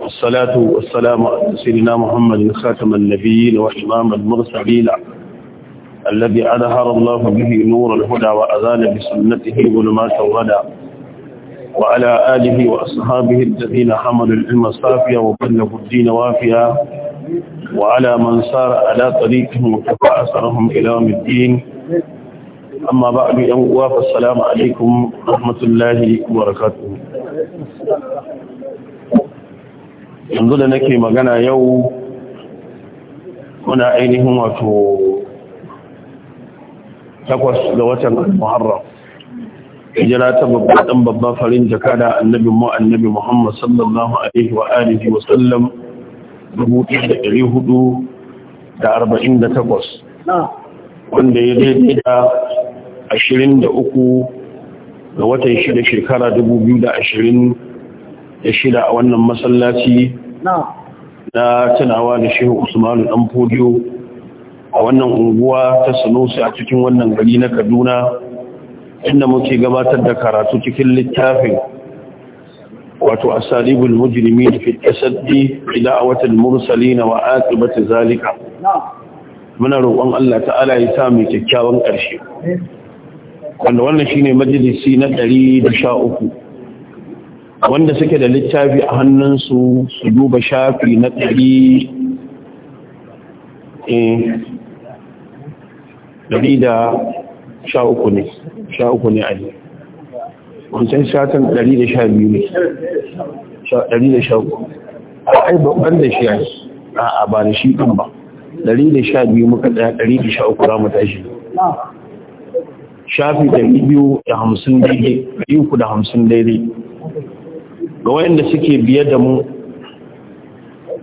والصلاة والسلام على سيدنا محمد خاتم النبيين وإمام المرسلين الذي أظهر الله به نور الهدى وأذان بسنته ظلمات الغدى وعلى آله وأصحابه الذين حملوا العلم صافيا وبلغوا الدين وافيا وعلى من سار على طريقهم وكفى أثرهم إلى يوم الدين أما بعد أن السلام عليكم ورحمة الله وبركاته yanzu da nake magana yau muna ainihin wato takwas ga watan al muharram hijira ta babban babban farin jaka da annabi mu annabi muhammad sallallahu alaihi wa alihi wa sallam takwas, wanda ya daidai da ashirin da uku ga watan shida shekara dubu biyu da ashirin da shida a wannan masallaci na tunawa da shehu usmanu dan fodiyo a wannan unguwa ta sanusi a cikin wannan gari na kaduna inda muke gabatar da karatu cikin littafin wato asalibul mujrimi fi tasaddi ila awatil mursalin wa aqibati zalika muna roƙon Allah ta'ala ya sa mu kyakkyawan ƙarshe wanda wannan shine majalisi na 113 wanda suke da littafi a hannunsu su duba shafi na ɗari eh, da sha uku ne sha uku ne a wancan shatan ɗari da sha biyu ne ɗari da sha uku a ai da shi a a ba da shi ɗin ba ɗari da sha biyu muka ɗaya ɗari da sha uku za mu tashi shafi ɗari biyu da hamsin daidai ɗari uku da hamsin daidai ga wayanda suke biye da mu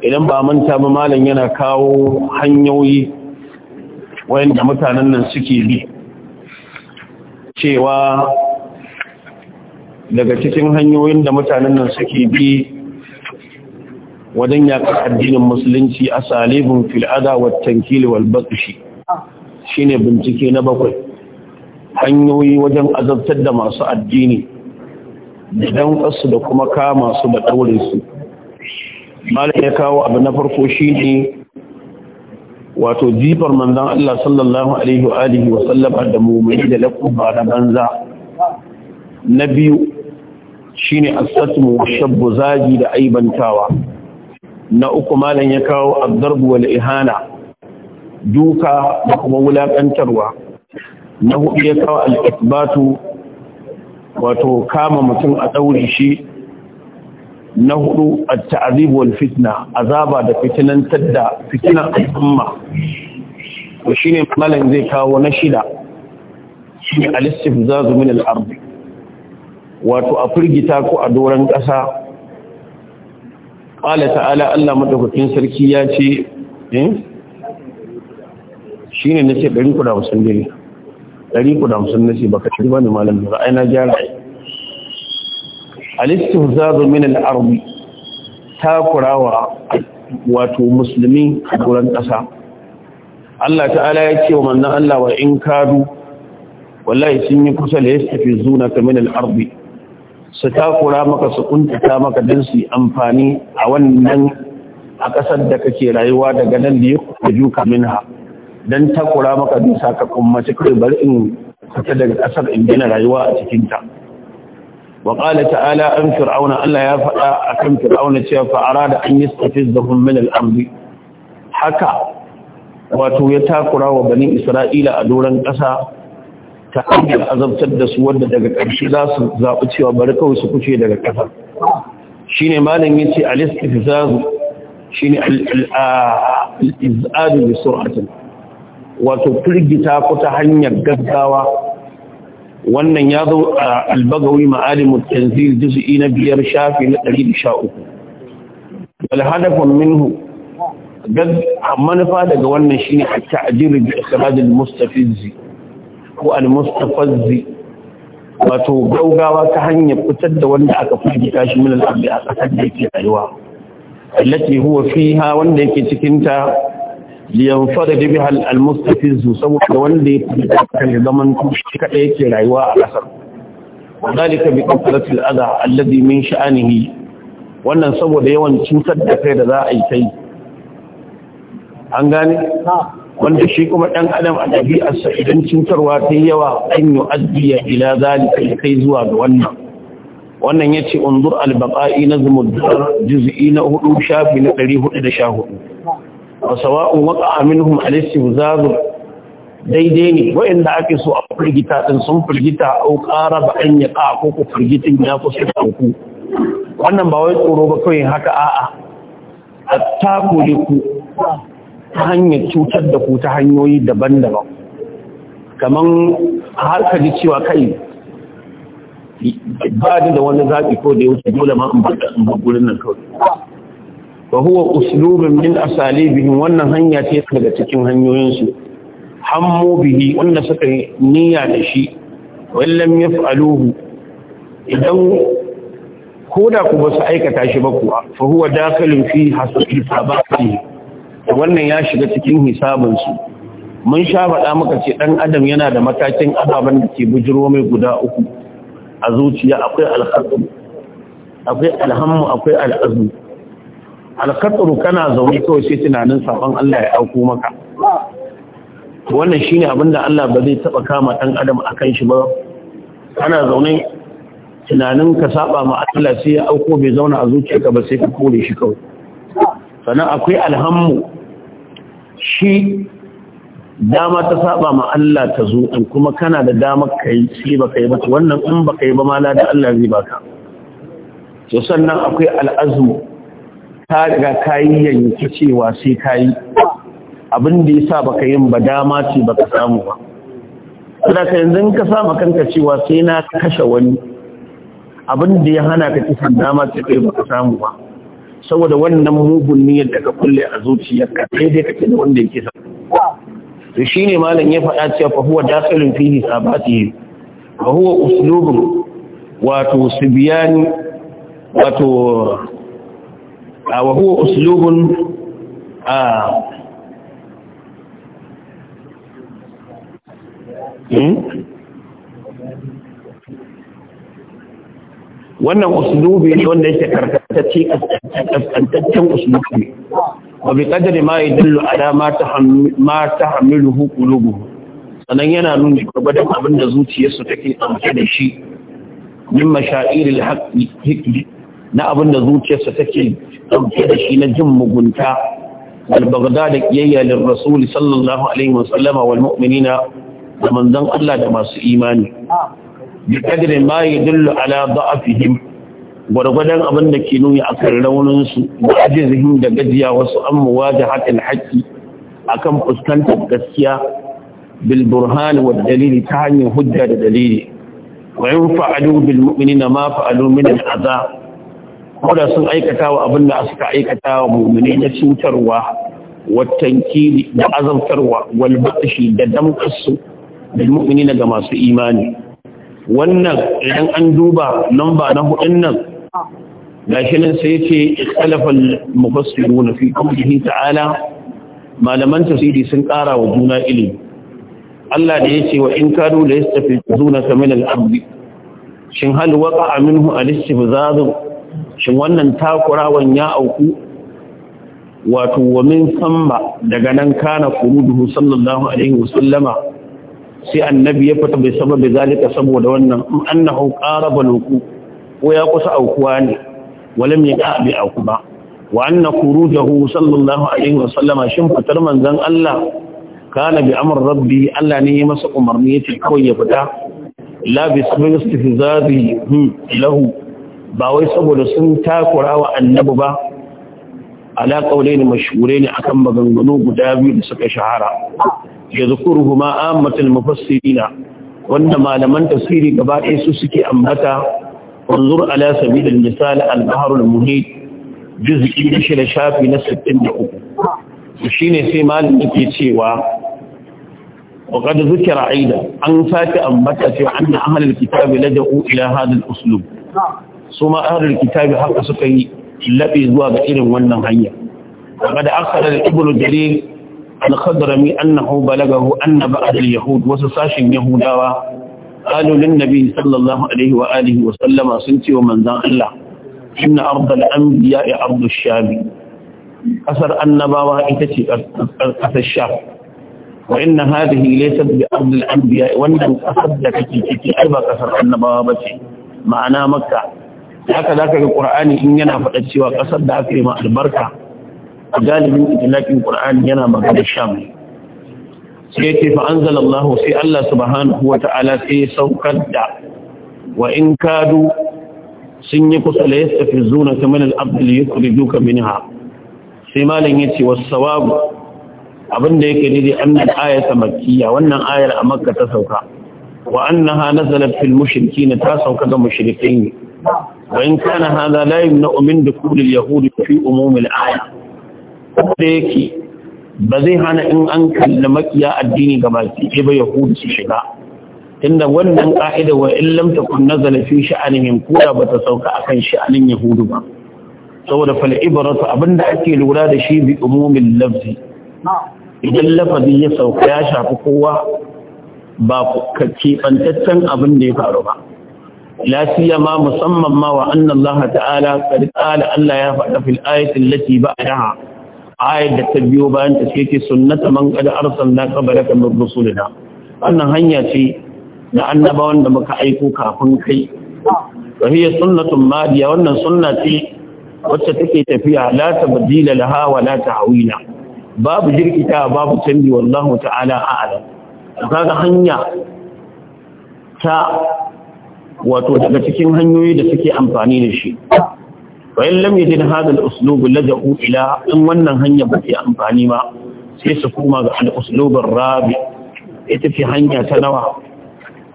idan ba manta ba malam yana kawo hanyoyi wayanda mutanen nan suke bi cewa daga cikin hanyoyin da mutanen nan suke bi wajen yaƙar addinin musulunci a salibin fil'ada wa tankili wal batsushi shine bincike na bakwai hanyoyi wajen azabtar da masu addini da danƙarsu da kuma kama su da ɗaure su malam ya kawo abu na farko shi ne wato jifar manzan Allah sallallahu alaihi wa wa da mummuni da da banza na biyu shine ne satmu shabbu zagi da aibantawa na uku malam ya kawo ad ihana duka da kuma wulakantarwa na huɗu ya kawo al-ithbatu wato kama mutum a ɗaure shi na hudu a ta'azib wal fitna azaba da fitinantar da fitinar al'umma to shine malam zai kawo na shida shi al-istifzazu min al-ard wato a firgita ko a doran ƙasa qala ta'ala Allah madaukakin sarki ya ce eh shine nace wasan dai ɗari ku da hamsin na ce ba ka shirba ne malam da ra'ayi na gyara ai alistu zazo min al'arbi ta kurawa wato musulmi a duran ƙasa Allah ta'ala ya ce wa manna Allah wa in kadu wallahi sun yi kusa da ya tafi zuna ta min al'arbi su takura maka su kuntata maka don su yi amfani a wannan a ƙasar da kake rayuwa daga nan da ya kuka ju ka min ha dan takura maka duk sakakon mace kai bari in fita daga ƙasar in gina rayuwa a cikin ta wa ta'ala an fir'auna Allah ya faɗa akan fir'auna cewa fa'ara da an yastafizahum da al-amri haka wato ya takura wa bani Isra'ila a doron ƙasa ta hanyar azabtar da su wadda daga ƙarshe za su zaɓi cewa bari kawai su kuce daga ƙasa shi ne malin ya ce alistifizazu shi ne al'izadu da suratun wato firgita ku ta hanyar gaggawa wannan ya zo a albagawi ma'alimu tanzil juz'i na biyar shafi na 113 wal hadafun minhu manufa daga wannan shine a ta'jiru bi isradil mustafizzi ko al wato gaugawa ta hanyar fitar da wanda aka firgita shi min al a kasar da yake rayuwa allati huwa ha wanda yake cikin ta liyanfada da bihal almustafizu saboda wanda ya fi da zaman shi kaɗai yake rayuwa a ƙasar wadalika bi ƙasaratul adha alladhi min sha'anihi wannan saboda yawan cutar da kai da za a yi kai an gane wanda shi kuma ɗan adam a ɗabi'arsa idan cutarwa ta yi yawa an yi addiya ila zalika ya kai zuwa ga wannan wannan ya ce unzur albaƙa'i na zumuddar juz'i na hudu shafi na ɗari hudu da sha hudu wa sawa'un waqa'a minhum al daidai ne wa'inda ake so a firgita din sun firgita au ƙara ba an ka ko ku firgitin ya kusa ku wannan ba wai tsoro ba kawai haka a'a hatta ku ku ta hanyar cutar da ku ta hanyoyi daban-daban Kamar har ka ji cewa kai ba da wani zaɓi ko da ya dole ma in ba gurin nan kawai wa huwa uslubun min asalibihim wannan hanya ce daga cikin hanyoyinsu hammu bihi wanda suka yi niyya da shi wallam yaf'aluhu idan koda ku basu aikata shi ba kuwa fa huwa dakhilun fi hisabatihi wannan ya shiga cikin hisabin su mun sha faɗa muka ce dan adam yana da matakin ababan da ke bujiro mai guda uku a zuciya akwai alhammu akwai alhammu akwai alkatsuru kana zaune kawai sai tunanin sabon Allah ya auku maka wannan shine abin da Allah ba zai taba kama dan adam akan shi ba kana zaune tunanin ka saba ma Allah sai ya auko bai zauna a zuciyarka ba sai ka kore shi kawai sannan akwai alhammu shi dama ta saba ma Allah ta zo in kuma kana da dama kai sai ba kai ba wannan in ba kai ba ma da Allah zai baka to sannan akwai al'azmu ka riga kayi yanki cewa sai kayi yi abin da ya sa baka yin ba dama ce baka samu ba ka yanzu ka sa kanka cewa sai na kashe wani abin da ya hana ka kisan dama ce kai baka samu ba saboda wannan mugun niyyar da ka kulle a zuciyarka sai dai kake da wanda ya sa to shine malam ya faɗa cewa fa huwa dakhilun fi hisabatihi fa huwa uslubu wato Sibiyani wato وهو أسلوب uslubun wannan usulubi ne wanda yake a tsantaccen usulubi wa bi qadri ma yadullu ala ma ma tahmiluhu qulubuhum sanan yana nuni gwada abin da zuciyarsu take tsamke da shi min mashairil haqqi na abin da zuciyarsa take ɗauke da shi na jin mugunta al da kiyayya lil rasul sallallahu alaihi wa sallama wal mu'minina da manzon Allah da masu imani bi kadri ma yadullu ala da'afihim gwargwadon abin da ke nuni akan raunin su da ajizihim da gajiya wasu an muwajahatil a akan fuskantar gaskiya bil burhan wa dalili ta hanyar hujja da dalili wa in fa'alu bil mu'minina ma fa'alu min al ko da sun aikata wa abin da suka aikata wa mu'mini na cutarwa wattankili da azabtarwa wal da damkasu da mu'mini daga masu imani wannan idan an duba lamba na hudun nan gashi nan sai yace ikhtalafa mufassirun fi qawlihi ta'ala malaman tafsiri sun ƙara wa juna ilimi Allah da yace wa in kadu la yastafizuna min al-abd shin hal waqa'a minhu al-istifzadu shin wannan takurawan ya auku wato wa min samma daga nan kana quruduhu sallallahu alaihi wasallama sai annabi ya fita bai sababi zalika saboda wannan annahu qaraba luku ko ya kusa aukuwa ne walam yaqa bi ba. wa anna quruduhu sallallahu alaihi wasallama shin fitar manzon Allah kana bi amr rabbi Allah ne ya masa umarni ya ce kawai ya fita la bi sabab istifzazi hmm, lahu ba wai saboda sun takura wa Annabu ba ala qaulaini a akan maganganu guda biyu da suka shahara yadhkuruhuma ammatul na wanda malaman tafsiri gaba ɗaya su suke ambata wanzur ala da misali al-bahr al-muhit juz'i shi da shafi na 63 ne sai malamin ke cewa وقد ذكر عيدا أن فات أنبت في أن أهل الكتاب لجأوا إلى هذا الأسلوب su ma ahlul kitabi haka suka yi labe zuwa ga irin wannan hanya daga da akhara da ibnu jarir al-khadrami annahu balagahu anna ba'd al-yahud wasu sashin yahudawa qalu lin nabi sallallahu alaihi wa alihi wa sallama sun ce wa manzon Allah inna ardh al-anbiya ardh ash-sham kasar annabawa ita ce kasar sham wa inna hadhihi laysat bi ardh al-anbiya wannan kasar da kake ciki ai ba kasar annabawa bace ma'ana makka haka za ka ga ƙur'ani in yana faɗa cewa ƙasar da aka yi ma albarka a galibin itilaƙin ƙur'ani yana magana sham sai ya ce fa sai Allah subhanahu wa ta'ala sai ya saukar da wa in kadu sun yi kusa da ya tafi zuna ta min abdul ya kuri duka minha sai malam ya ce wasu sawabu da yake daidai annan ayata makkiya wannan ayar a makka ta sauka wa annaha nazalat fil mushrikin ta sauka ga mushrikai ne وإن كان هذا لا يمنع من دخول اليهود في أموم الآية فليكي بذيهانا إن أنك لمكيا الديني قبالتي إبا يهود سيشقاء إن ولن قائدة وإن لم تكن نزل في شأنهم كولا بتسوك أكن شأن يهود ما saboda fal'ibaratu abinda ake lura da shi bi umumin lafzi idan lafazi ya sauka ya shafi kowa ba keɓantaccen abin da ya faru ba لا سيما مصمم ما وأن الله تعالى قد قال ألا يفعل في الآية التي بعدها آية التبيو بأن تسيتي سنة من قد أرسلنا قبلك من رسولنا أن هنيتي لأن بوان دمك أيكوك أخنكي وهي سنة مادية وأن سنة وتتكي تفيها لا تبديل لها ولا تعويل باب جركتها باب تنبي والله تعالى أعلم هذا هنيا ta wato daga cikin hanyoyi da suke amfani da shi wa in lam yajid hadha al ila in wannan hanya ba ke amfani ba sai su koma ga al-uslub rabi ita ce hanya ta nawa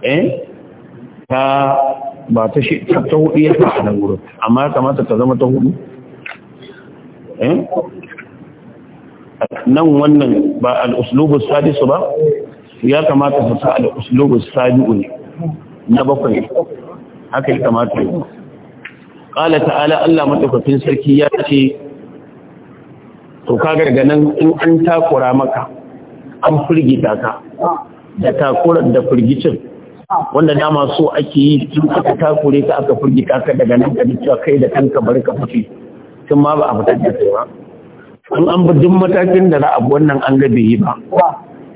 eh ba ta shi ta hudu ya ta nan gurin amma ya kamata ta zama ta hudu eh nan wannan ba al-uslub ba ya kamata su sa al-uslub ne na bakwai haka yi kamata yi ƙala ta'ala Allah matakafin sarki ya ce to ka garganan in an takura maka an firgita ka da takurar da firgicin wanda dama so ake yi tun aka takure ka aka firgita ka daga nan da cewa kai da kanka bari ka fice tun ma ba a fitar da kai ba in an bi matakin da za a wannan an ga bai yi ba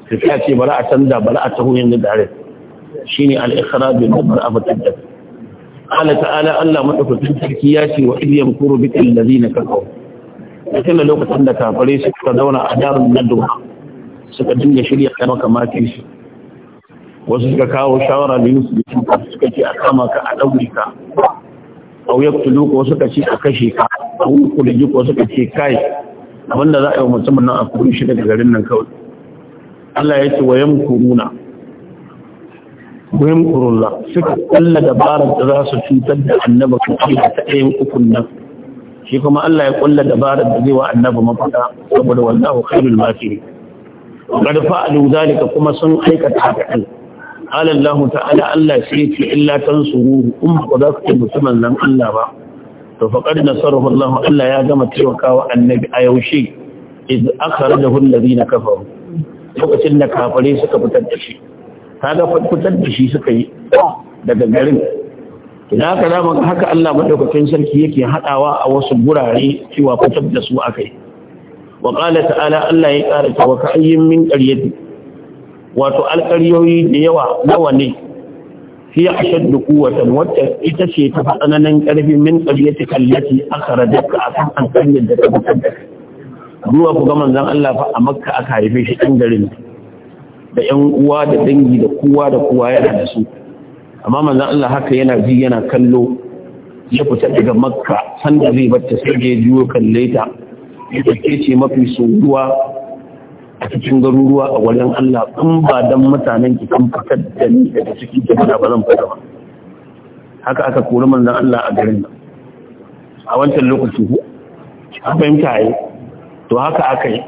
su ce bari a canza bari a taho yanzu da shine al-ikhraj min abu taddad Ala ta'ala Allah madaukakin sarki ya ce wa idh da bika alladhina kafaru kuma lokacin da kafare suka zauna a na nadwa suka dinga shirya kai maka mafi shi wasu suka kawo shawara da Yusuf da suka ce a kama ka a daure ka au yaqtulu ko suka ce a kashe ka au kulji ko suka ce kai abinda za a yi wa mutumin nan a kuri shi daga garin nan kawai Allah ya ce wa kuruna. yamkurullah suka kalla dabarar da za su cutar da annaba ko Allah ta ɗayan ukun nan shi kuma Allah ya kulla dabarar da zai wa annaba mafata saboda wallahu khairul makiri qad fa'alu zalika kuma sun aikata haka din qala Allah ta'ala Allah sai ce illa tansuru in ba za ku mutumin nan Allah ba to faqad nasarahu Allah Allah ya gama taimakawa annabi a yaushe iz akhrajahu alladhina kafaru lokacin da kafare suka fitar da shi kaga fitar da shi suka yi daga garin idan haka za haka Allah madaukakin sarki yake hadawa a wasu gurare cewa fitar da su akai wa qala ta'ala Allah ya kara ta wa ka'ayyin min qaryati wato alqaryoyi da yawa nawa ne fi ashadd quwwatan wata ita ce ta tsananan karfi min qaryati kallati akhrajatka akan an kanyar da ta fitar da ruwa ku ga manzon Allah fa a Makka aka haife shi ɗan garin da yan uwa da dangi da kowa da kowa yana da su amma manzon Allah haka yana ji yana kallo ya fita daga makka sanda zai bata sai ya juyo kalle ta ita ce mafi soruwa a cikin garuruwa a wajen Allah in ba dan mutanen ki kan fitar da ni daga cikin jama'a ba zan fita ba haka aka kori manzon Allah a garin nan a wancan lokaci an fahimta yi to haka aka yi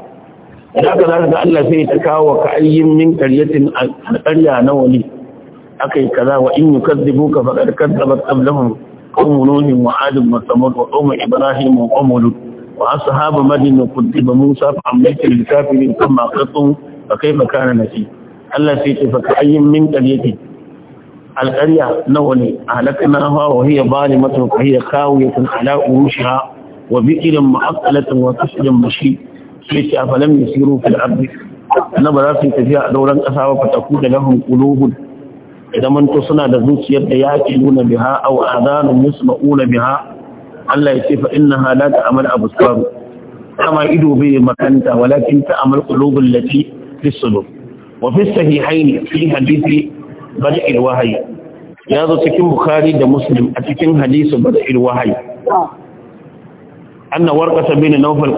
da aka zara ga Allah sai ta kawo ka ayyin min karyatin alƙarya na Aka yi kaza wa in yukazzibu ka faqad kazzabat qablahum qawmun nuhin wa adin wa samud wa qawmu ibrahim wa qawmu lut wa ashabu madin wa kutiba musa fa amlayta ne kan kama qatum fa kayfa kana nasi Allah sai ta faka ayyin min karyatin alƙarya na wali ahlaknaha wa hiya zalimatun fa hiya khawiyatun ala urushiha wa bi'rin mu'aqqalatin wa qasrin mashid sai ce a falam yusiru fil ardi annaba za su yi tafiya a dauran kasa wa fataku da lahum qulubun idan mun to suna da zuciyar da nuna biha aw adanun musma'una biha Allah ya ce fa innaha la ta'mal absar kama ido bai makanta walakin ta'mal qulubul lati fi sudur wa fi sahihayn fi hadisi bada'il wahyi ya zo cikin bukhari da muslim a cikin hadisi bada'il wahyi أن ورقة بن نوفل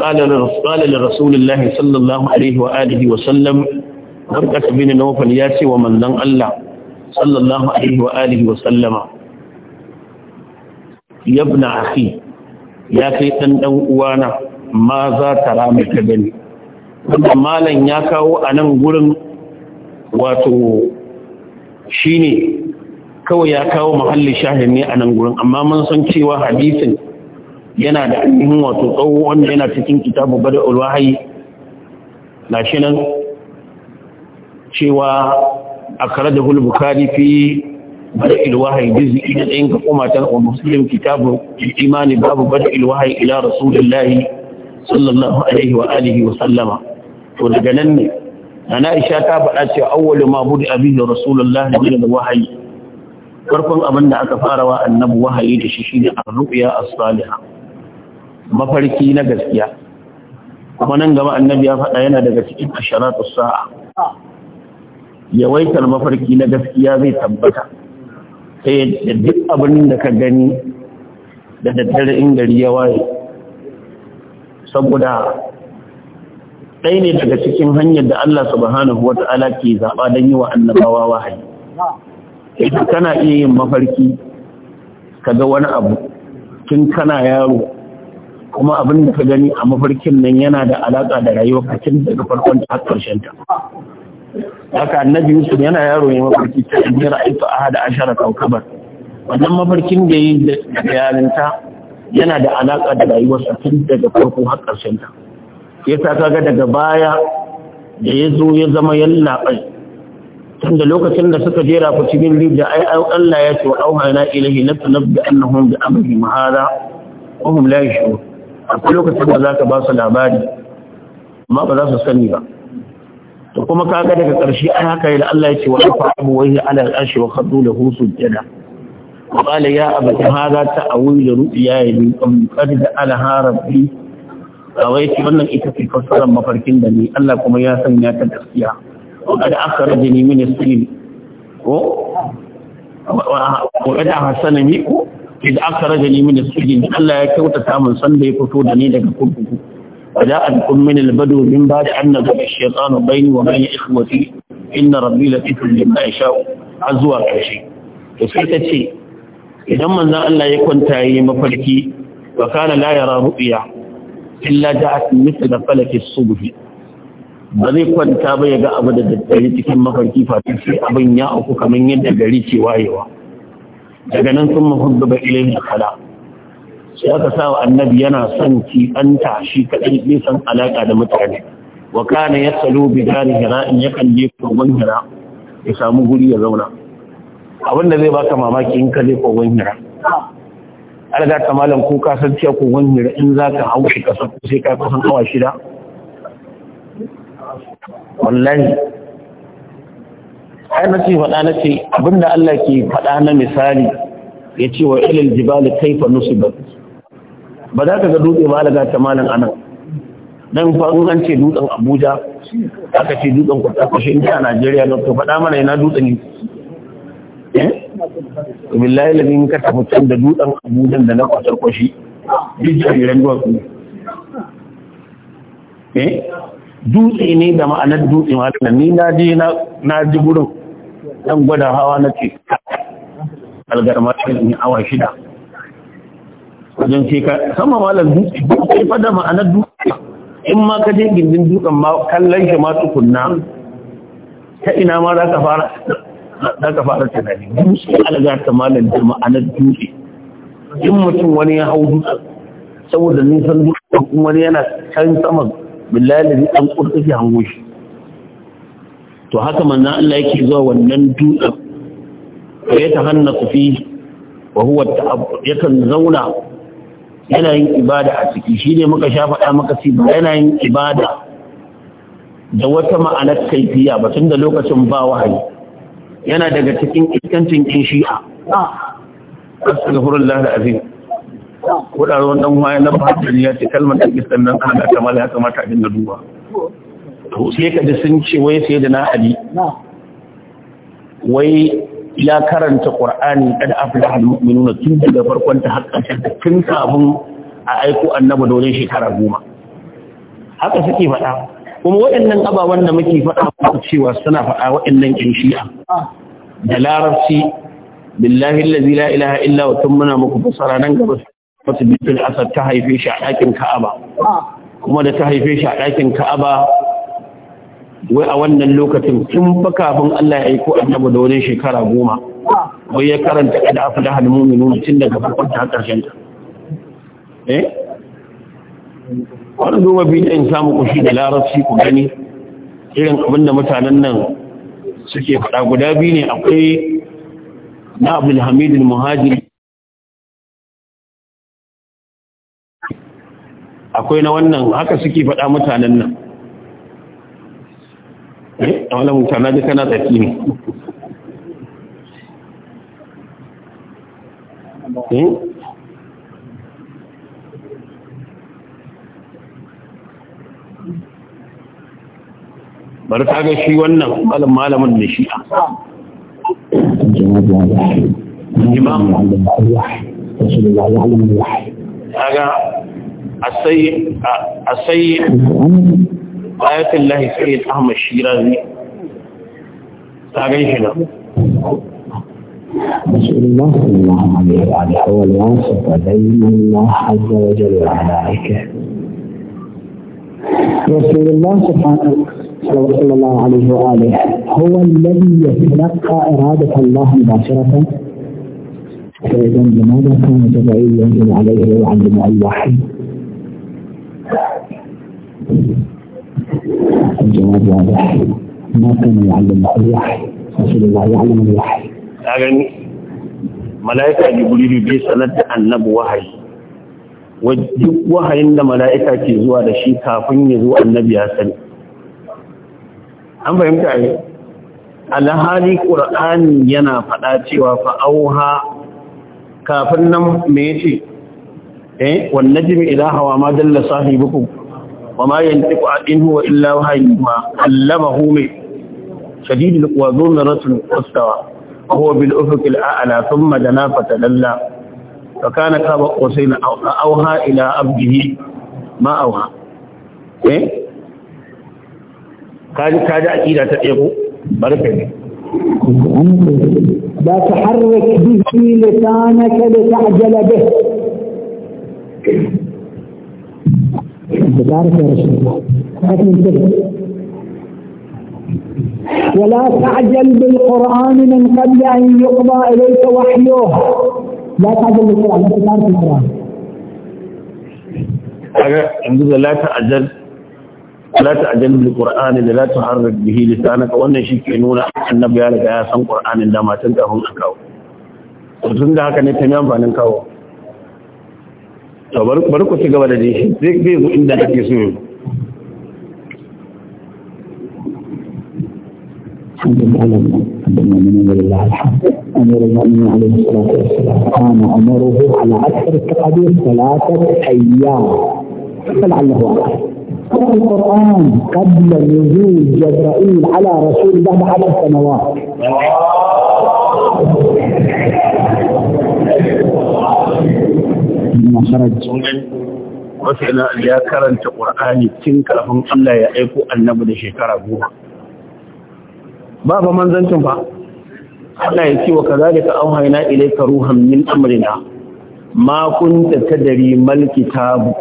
قال لرسول الله صلى الله عليه وآله وسلم ورقة بن نوفل ياتي ومن ذن الله صلى الله عليه وآله وسلم يا ابن أخي يا كي تندو وانا ماذا ترى مك بني wanda malam ya kawo a nan gurin wato shine kawai ya kawo muhalli shahin ne a nan gurin amma mun san cewa hadisin yana da ainihin wato tsawo wanda yana cikin kitabu bada ulwahayi na shi nan cewa a kare da hul bukari fi bada ulwahayi jizi idan ɗayin ka koma ta wa musulun kitabu imani babu bada ulwahayi ila rasulullahi sallallahu alaihi wa alihi wa sallama to daga nan ne na isha ta faɗa cewa awwalu ma budi abin da rasulullahi da wahayi farkon abin da aka farawa annabi wahayi da shi shine ar-ru'ya as-salihah mafarki na gaskiya kuma nan gaba annabi ya faɗa yana daga cikin asharatu sa'a yawaitar mafarki na gaskiya zai tabbata sai da duk abin da ka gani da daddare in gari ya waye saboda ɗaya ne daga cikin hanyar da Allah subhanahu wata'ala ke zaɓa don yi wa annabawa wahayi kana iya yin mafarki kaga wani abu tun kana yaro kuma abin da ka gani a mafarkin nan yana da alaƙa da rayuwa tun daga farkon ta har ƙarshen ta haka annabi yusuf yana yaro ne mafarki ta inda ra'aytu ahada ashara kawkabar wannan mafarkin da yi da bayaninta yana da alaƙa da rayuwarsa tun daga farko har ƙarshen ta yasa kaga daga baya da ya zo ya zama yallaɓai tun da lokacin da suka jera ku cikin rijiya ai Allah ya ce wa na ilahi na tunabbi annahum bi amri mahada wa layi shi yashurun akwai lokacin da za ka ba su labari amma ba za su sani ba to kuma kaga daga ƙarshe ai haka yi da Allah ya ce wa afa abu wa ala al-arshi wa khaddu lahu sujada wa qala ya abati hadha ta'wil ru'ya min qabl qad ja'ala wai ce wannan ita ce fassarar mafarkin da ni Allah kuma ya sanya ta gaskiya wa qad akhrajani min as-sijni ko wa qad ahsanani ko da aka raga ni mini sirrin Allah ya kyautata min san da ya fito da ni daga kurkuku wa da an kun min albadu min ba da annabi shaytanu bayni wa bayni ikhwati inna rabbi la tikun li ma yasha azwa kashi to sai ta ce idan manzon Allah ya kwanta yayi mafarki wa kana la yara ru'ya illa ja'at da falaki as-subh ba zai kwanta ba ya ga abu da daddare cikin mafarki fatin sai abin ya auku kamar yadda gari ce wayewa daga nan sun mahudu ba ilayhi kala sai aka sa wa annabi yana son ki an tashi kaɗai bai san alaƙa da mutane wa kana ya salo bi gari hira in ya kan je kogon hira ya samu guri ya zauna abin da zai baka mamaki in ka je kogon hira alaga ta malam ko ka san cewa kogon hira in za ka hau shi ka sai ka kusan awa shida wallahi ai na ce faɗa na ce abinda Allah ke faɗa na misali ya ce wa ilil jibali kaifa nusibat ba za ka ga dutse ba daga ta malam anan dan fa an ce dutsen Abuja aka ce dutsen Kwatakwashi in ta Najeriya ne to faɗa mana ina dutsen eh billahi ladin ka ta can da dutsen Abuja da na Kwatakwashi duk jariran ku eh dutse ne da ma'anar dutse malam ni na je na ji gurin dan gwada hawa na ce algarma ne awa shida wajen ce ka sama malar dutse ke fada ma'anar dutse in ma ka je gindin dutsen ma kallon shi ma tukunna ta ina ma za ka fara za ka fara tunani dutse algarta malar da ma'anar dutse in mutum wani ya hau dutsen saboda nisan dutsen wani yana can sama billahi da an kurkuki hango shi to haka manzan Allah yake zuwa wannan dutsen da ya tahanna su fi wa huwa yakan zauna yanayin ibada a ciki shi ne muka sha faɗa maka si ba yana yin ibada da wata ma'anar kaifiya ba tun da lokacin ba wahayi yana daga cikin iskancin kin shi'a astaghfirullah alazim kudarwan dan waya na ba ya ce kalmar da kistan nan ana kamar ya kamata a dinga duba to sai ka ji sun ce wai sai da na ali wai ya karanta qur'ani kad aflaha da tun daga farkon ta har tun kafin a aiko annabi dole shekara goma haka suke faɗa kuma waɗannan ababen da muke faɗa ku cewa suna faɗa waɗannan ƴan shi'a da larabci billahi allazi la ilaha illa wa muna muku fasara nan gaba fasu bitul asad ta haife shi a ɗakin ka'aba kuma da ta haife shi a ɗakin ka'aba wai a wannan lokacin tun fa kafin Allah ya aiko annabi da wani shekara goma wai ya karanta da afu da nuna tun daga farkon ta karshen ta eh wani biyu in samu kushi da larabci ku gani irin abinda mutanen nan suke faɗa guda biyu ne akwai na Abdul Hamid muhajiri akwai na wannan haka suke faɗa mutanen nan eh a wala huta na ji kana tsaki ne eh bari ta ga shi wannan malam malamin da shi'a imam kaga asai asai آیت اللہ سید احمد شیرازی ta شنا بسم رسول الله صلى الله عليه وآله هو الواثق دائما الله عز وجل وملائكته رسول الله سبحانه صلى الله عليه وآله هو الذي يتلقى إرادة الله مباشرة فإذا لماذا كان جبريل ينزل عليه ويعلم الوحي؟ الجواب واضح ما كان يعلم الوحي رسول الله يعلم الوحي يعني ملائكة جبريل بي سند النبي وحي وجب وحي إن ملائكة كزوا لشي كافن يزوا النبي أسل أم فهمت عليه على هذه القرآن ينا فلاتي وفأوها كافن nan ميتي ce eh wannan jimi ila hawa wa ma yantiku in huwa illa wahyu ma allamahu min shadid wa dhun ratul ustawa wa huwa bil ufuq al a'la thumma dana fa tadalla fa kana kaba qusain awha ila abdihi ma awha eh kaji kaji akida بارك يا رسول الله ولا تعجل بالقران من قبل ان يقضى اليك وحيه لا تعجل بالقران لا تعجل بالقران هذا لا تعجل لا تعجل بالقران لا تحرك به لسانك وان شيك ان النبي قال يا سن قران لما تنتهي من وتنده هكا ne tanyan banin kawo bari ku ci gaba da dishi zai zo inda so المؤمنين ولله الحمد امير المؤمنين عليه الصلاه والسلام كان عمره على اكثر التقادير ثلاثه ايام فلعله اكثر قرأ القرآن قبل نزول جبرائيل على رسول الله بعد سنوات haraji ya karanta qur'ani tun kafin Allah ya aiko annabi da shekara goma ba ba manzancin ba Allah ya ce wa kazalika auhayna ilayka ruhan min amrina ta kunta malki ta kitabu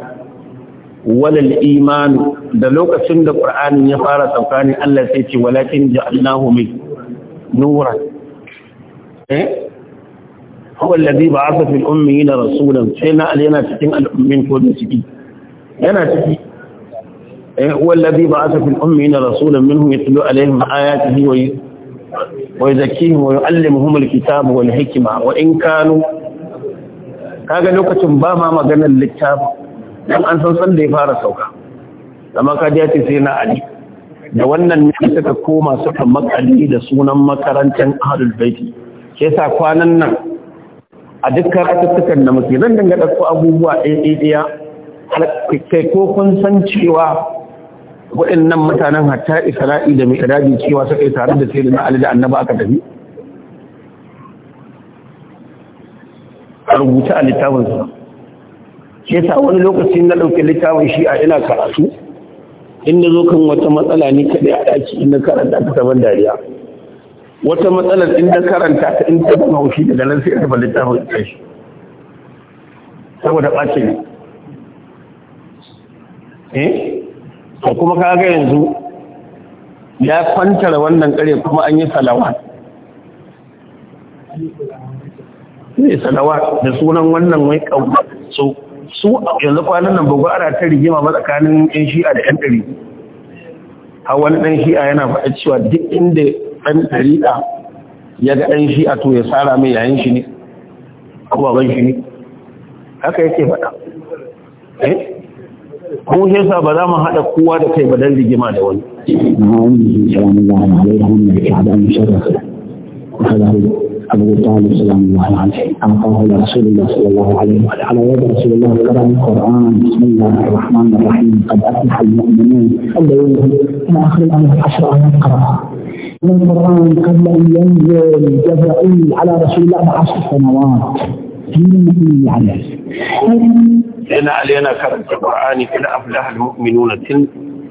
walal imanu da lokacin da qur'anin ya fara saukani Allah sai ce walakin ja'alnahu min nuran eh huwa allazi ba'atha fil ummiyin rasulan sai na cikin al'ummin ko da ciki yana ciki eh huwa allazi ba'atha fil ummiyin rasulan minhum yatlu ويعلمهم الكتاب والحكمة وإن كانوا kaga lokacin ba maganar littafi dan an san san ya fara sauka amma ka sai na da wannan ne suka koma suka makali da sunan makarantar ahlul baiti ke sa kwanan nan a dukkan karatuttukan da muke zan dinga ɗauko abubuwa ɗaya kai ko kun san cewa waɗannan mutanen hatta isra'i da mai iraji cewa suka yi tare da sai da ali da annaba aka tafi a rubuta a littafin su. ke sa wani lokaci na ɗauke littafin shi a ina karatu inda zo kan wata matsala ni kaɗai a ɗaki inda karanta ta saman dariya wata matsalar inda karanta ta in ta ban haushi daga nan sai rufe littafin ta shi saboda ne. eh to kuma kaga yanzu ya kwantar wannan kare kuma an yi salawat ne salawa da sunan wannan mai kau so su yanzu kwanan nan bugu ana ta rigima tsakanin yan shi'a da yan ɗari a wani ɗan shi'a yana faɗa cewa duk inda ɗan ɗariƙa ya ga ɗan shi a to ya tsara mai yayin shi ne abubuwan shi ne haka yake faɗa eh? ko shi yasa ba za mu haɗa kowa da kai ba dan rigima da wani أبو طالب سلام الله عليه أعطاه رسول الله صلى الله عليه وعلى على يد رسول الله قرأ القرآن بسم الله الرحمن الرحيم قد أفلح المؤمنون الذين إلى آخر الآية عشر آيات قرأها من القرآن قبل أن ينزل جبرائيل على رسول الله بعشر سنوات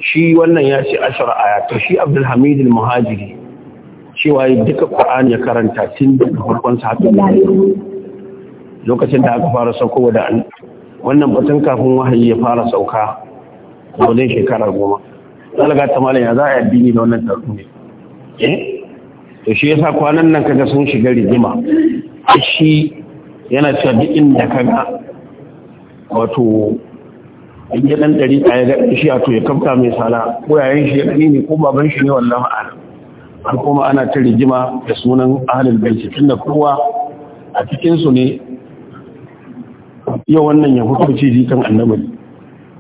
shi wannan ya ce ashar aya to shi abdulhamid al-muhajiri cewa duka qur'an ya karanta tun daga farkon sa lokacin da aka fara sauko da wannan batun kafin wahayi ya fara sauka wajen shekara goma zalaga ta malam ya za a yi addini da wannan tarbi eh to shi yasa kwanan nan kaga sun shiga rigima shi yana cewa duk inda kaga wato in ya dan dari ya ga shi a to ya kafta mai sala ko yayin shi ya ne ko baban shi ne wallahi a'lam har kuma ana ta rigima da sunan ahlul bayt tunda kowa a cikin su ne yau wannan ya fito ce jikan annabi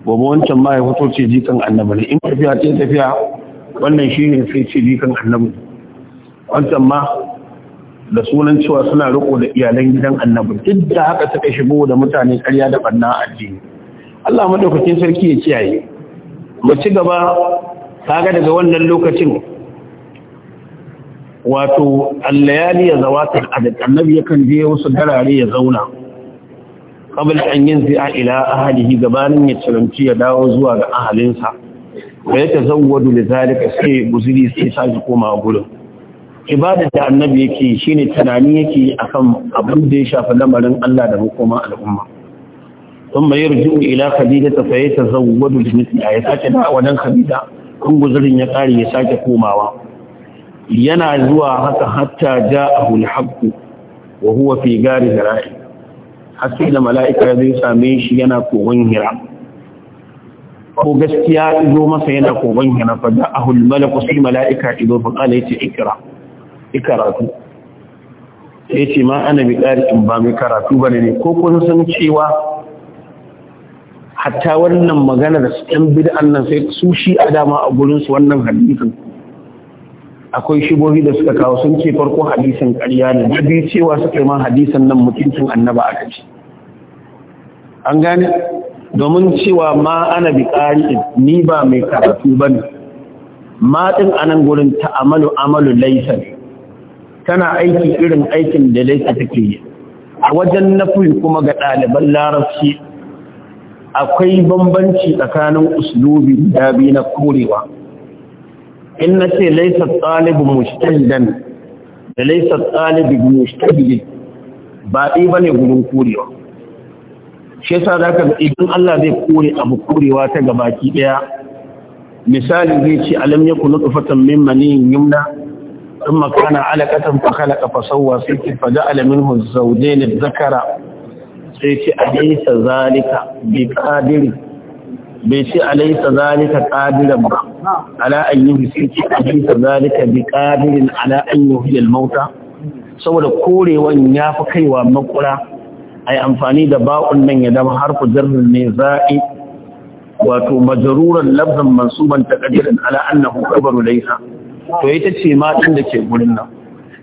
gobe wancan ma ya fito ce jikan annabi in tafiya ce tafiya wannan shi ne sai ce jikan annabi wancan ma da sunan cewa suna riko da iyalan gidan annabi duk da haka suka shigo da mutane karya da banna addini Allah maɗaukacin sarki ya kiyaye Ba ci gaba kaga daga wannan lokacin wato allayali layali ya zawatul adad annabi yakan je wasu darare ya zauna qabl an yanzi ila ahlihi gabanin ya ciranci ya dawo zuwa ga ahalinsa wa ya tazawwadu li zalika sai guzuri sai sake koma gurin ibada da annabi yake shine tunani yake akan abin da ya shafi lamarin Allah da hukuma al'umma thumma yarji'u ila ta fa yatazawwadu li mithliha ya sake da wannan khadija kun guzurin ya kare ya sake komawa yana zuwa haka hatta ja'ahu al haqq wa huwa fi gari zara'i haske da mala'ika zai same shi yana kogon hira ko gaskiya zo masa yana koban yana fada ahul malaku sai mala'ika idan fa kala yace ikra Ya ce ma ana bi in ba mai karatu bane ne ko kun san cewa hatta wannan magana da su ɗan bida annan sai su shi a dama a gurinsu wannan hadisin akwai shigohi da suka kawo sun ce farko hadisin ƙarya ne da biyu cewa suka yi ma hadisin nan mutuncin annaba akaci gaci an gane domin cewa ma ana bi ni ba mai karatu ba ne matin a nan gurin ta amalu amalu laisa tana aiki irin aikin da laisa take yi a wajen nafi kuma ga ɗaliban larabci akwai bambanci tsakanin uslubi da biyu na korewa in na ce laisa ɗalibin mushtahidan da laisa ɗalibin mushtahidan ba ɗi ba ne gurin korewa shi yasa za ka idan Allah zai kore abu korewa ta gaba ki ɗaya misali zai ce alam ya kunu tufatan min maniyin yumna in makana alaƙatan fa khalaqa fa sawwa sai ce fa ja'ala minhu zawjayn adh-dhakara sai ce alaysa zalika bi qadiri bai ce alaysa zalika qadiran ba ala an yuhi sai ce alaysa zalika bi qadirin ala an yuhi al-mauta saboda korewan yafi kaiwa makura ai amfani da ba'un nan ya zama harfu jarrin ne za'i wato majruran lafzan mansuban taqdirin ala annahu khabaru laysa to ita ce ma din da ke gurin nan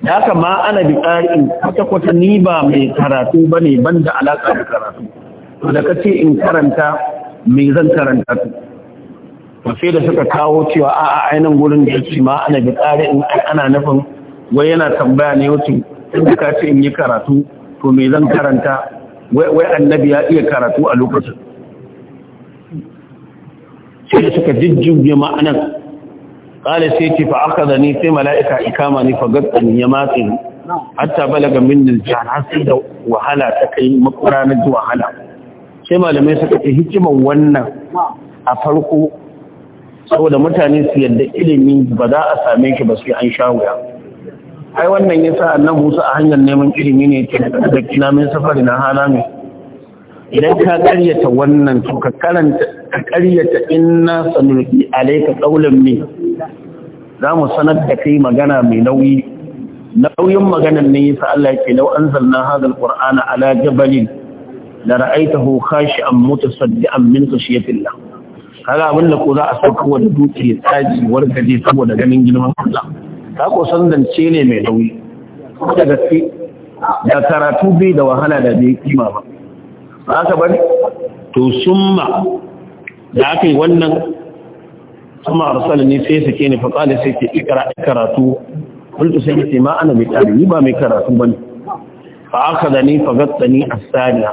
da haka ma ana bi tsari kwata kwata ni ba mai karatu bane banda alaka da karatu to da kace in karanta me zan karanta to sai da suka kawo cewa a'a ainihin gurin da yake ma ana bi ƙari in ana nufin wai yana tambaya ne wuce in ka ce in yi karatu to me zan karanta wai annabi ya iya karatu a lokacin sai da suka jijjuge ma'anar ƙala sai ce fa'aka da ni sai mala'ika ikama ni fagatta ni ya matse ni hatta balaga min niljan har sai da wahala ta kai makura na ji wahala sai malamai suka ce hikimar wannan a farko saboda mutane su yadda ilimi ba za a same shi ba sai an sha wuya ai wannan yasa annan Musa a hanyar neman ilimi ne ke da kinamin safari na halami idan ka karyata wannan to ka karanta ka karyata inna sanulqi alayka qawlan min za mu sanar da kai magana mai nauyi nauyin maganar ne yasa Allah yake law anzalna hadha alqur'ana ala jabalin la ra'aytahu khashi'an mutasaddian min khashyatillah kaga abin da ko za a sauka wa dutse tsaji wargaje saboda ganin girman Allah ka ko san ne mai nauyi da gaske da karatu bi da wahala da bi kima ba ba haka to summa da aka wannan kuma arsala ne sai sake ne fa qala sai ke ikra karatu kullu sai ce ma ana mai tarihi ba mai karatu bane fa ni fa gattani as-saniya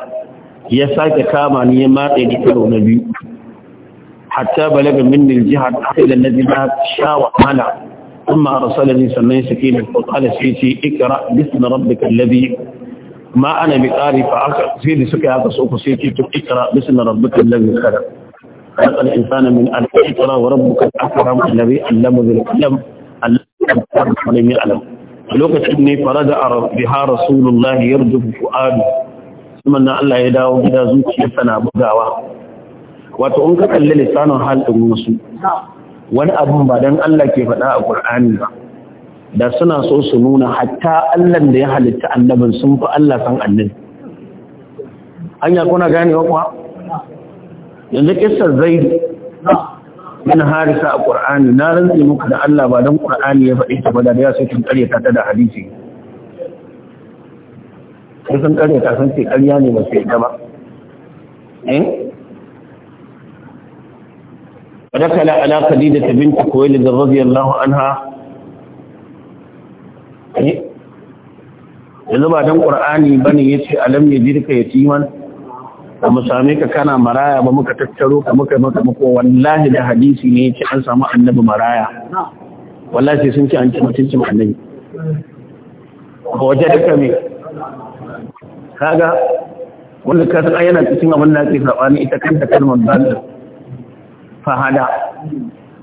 ya sake kama ni ya matse ni karo na biyu hatta balaga minni al-jihad ila nabi sha wa amma arsalani sannan shi ne ko qala sai ce ikra bismi rabbikal ladhi ma ana bi qari fa aka sai da suka haka so ku sai ce ikra bismi rabbikal ladhi khalaq خلق الإنسان من الإقرى allama الأكرم الذي علم بالقلم علم ولم يعلم lokacin ne farada a biha rasulullah ya rubuta fu'adu kuma na Allah ya dawo gida zuciyarsa na bugawa wato in ka kalli lisanin halin musu? wani abun ba don Allah ke faɗa a ƙur'ani ba da suna so su nuna hatta Allah da ya halitta annabin sun fi Allah san annabi anya kuna gane kuwa yanzu kissar zai min Harisa a ƙur'ani, na rantsi muku da Allah ba don ƙur'ani ya faɗi ta bada da ya sai kin kare ta da hadisi sai sun kare ta sun ce ƙarya ne ba sai ba eh? فدخل على خديجة بنت خويلد رضي الله عنها yanzu ba don ƙur'ani ba ne ya ce alam ya jirka ya ciman da mu same ka kana maraya ba muka tattaro ka muka maka mako wallahi da hadisi ne ya ce an samu annabi maraya wallahi sun ce an ci mutuncin annabi ba waje duka mai kaga wanda ka san yana cikin abin da ake saɓani ita kanta kalmar zalim fahada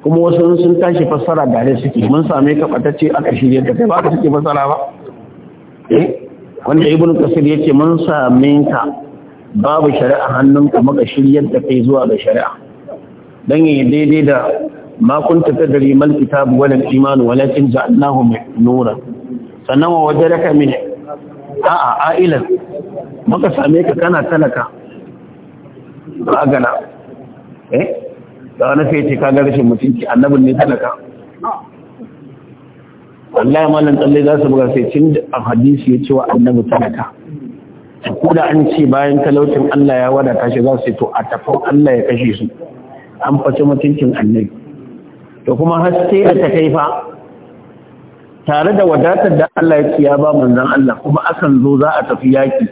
kuma wasu sun tashi fassara da suke mun same ka batacce aka ƙarshe yadda kai ba ka suke fassara ba Eh? wanda ibn kasir yake mun same ka babu shari'a hannunka maka shiryar da kai zuwa ga shari'a dan yi daidai da ma kunta tadri mal kitab wal iman walakin ja'alnahu nuran sannan wa wajadaka min a'a a'ilan maka same ka kana talaka ba gana eh da wani sai ce kagar rashin mutunci annabin ne talaka Allah ya malam tsalle za su buga sai cin a hadisi ya ce wa annabi talaka ko da an ce bayan talaucin Allah ya wada shi za su to a tafin Allah ya kashe su an faci mutuncin annabi to kuma haske da ta kaifa tare da wadatar da Allah ya ya ba manzon Allah kuma akan zo za a tafi yaki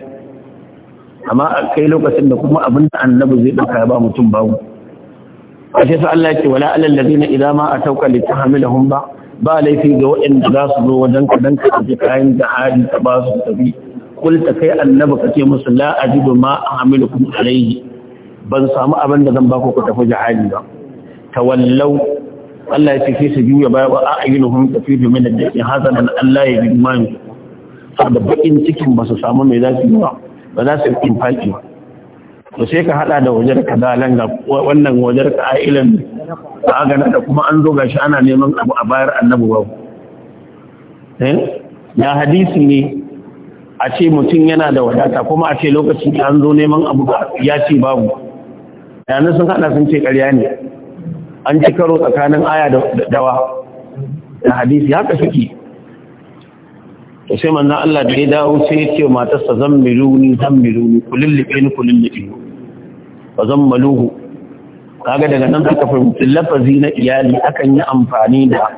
amma a kai lokacin da kuma abin da annabi zai dauka ya ba mutum babu a shi sa Allah yake wala alal ladina idza ma ta litahmilahum ba ba laifi ga waɗanda za su zo wajen ka dan ka ji kayan da hali ta ba su tafi kul ta kai annaba ka ce musu la ajidu ma ahmilukum alayhi ban samu abin da zan ba ku ku tafi jihadi ba tawallau Allah ya tafi su juya baya wa a'yunuhum tafidu min ad-dayn nan Allah ya bi man da bakin cikin ba su samu mai yi ba ba za su yi infaki ba to sai ka hada da wajar ka dalan ga wannan wajar ka ailan a gana da kuma an zo gashi ana neman abu a bayar annabi ba eh? ya hadisi ne a ce mutum yana da wadata kuma a ce lokacin da an zo neman abu ya ce babu yana sun hada sun ce karya ne an ci karo tsakanin aya da dawa da hadisi haka suke to sai manzon Allah da ya dawo sai ya ce matarsa zammiluni zammiluni kulillibe ni kulillibe fa zammaluhu kaga daga nan aka fahimci lafazi na iyali akan yi amfani da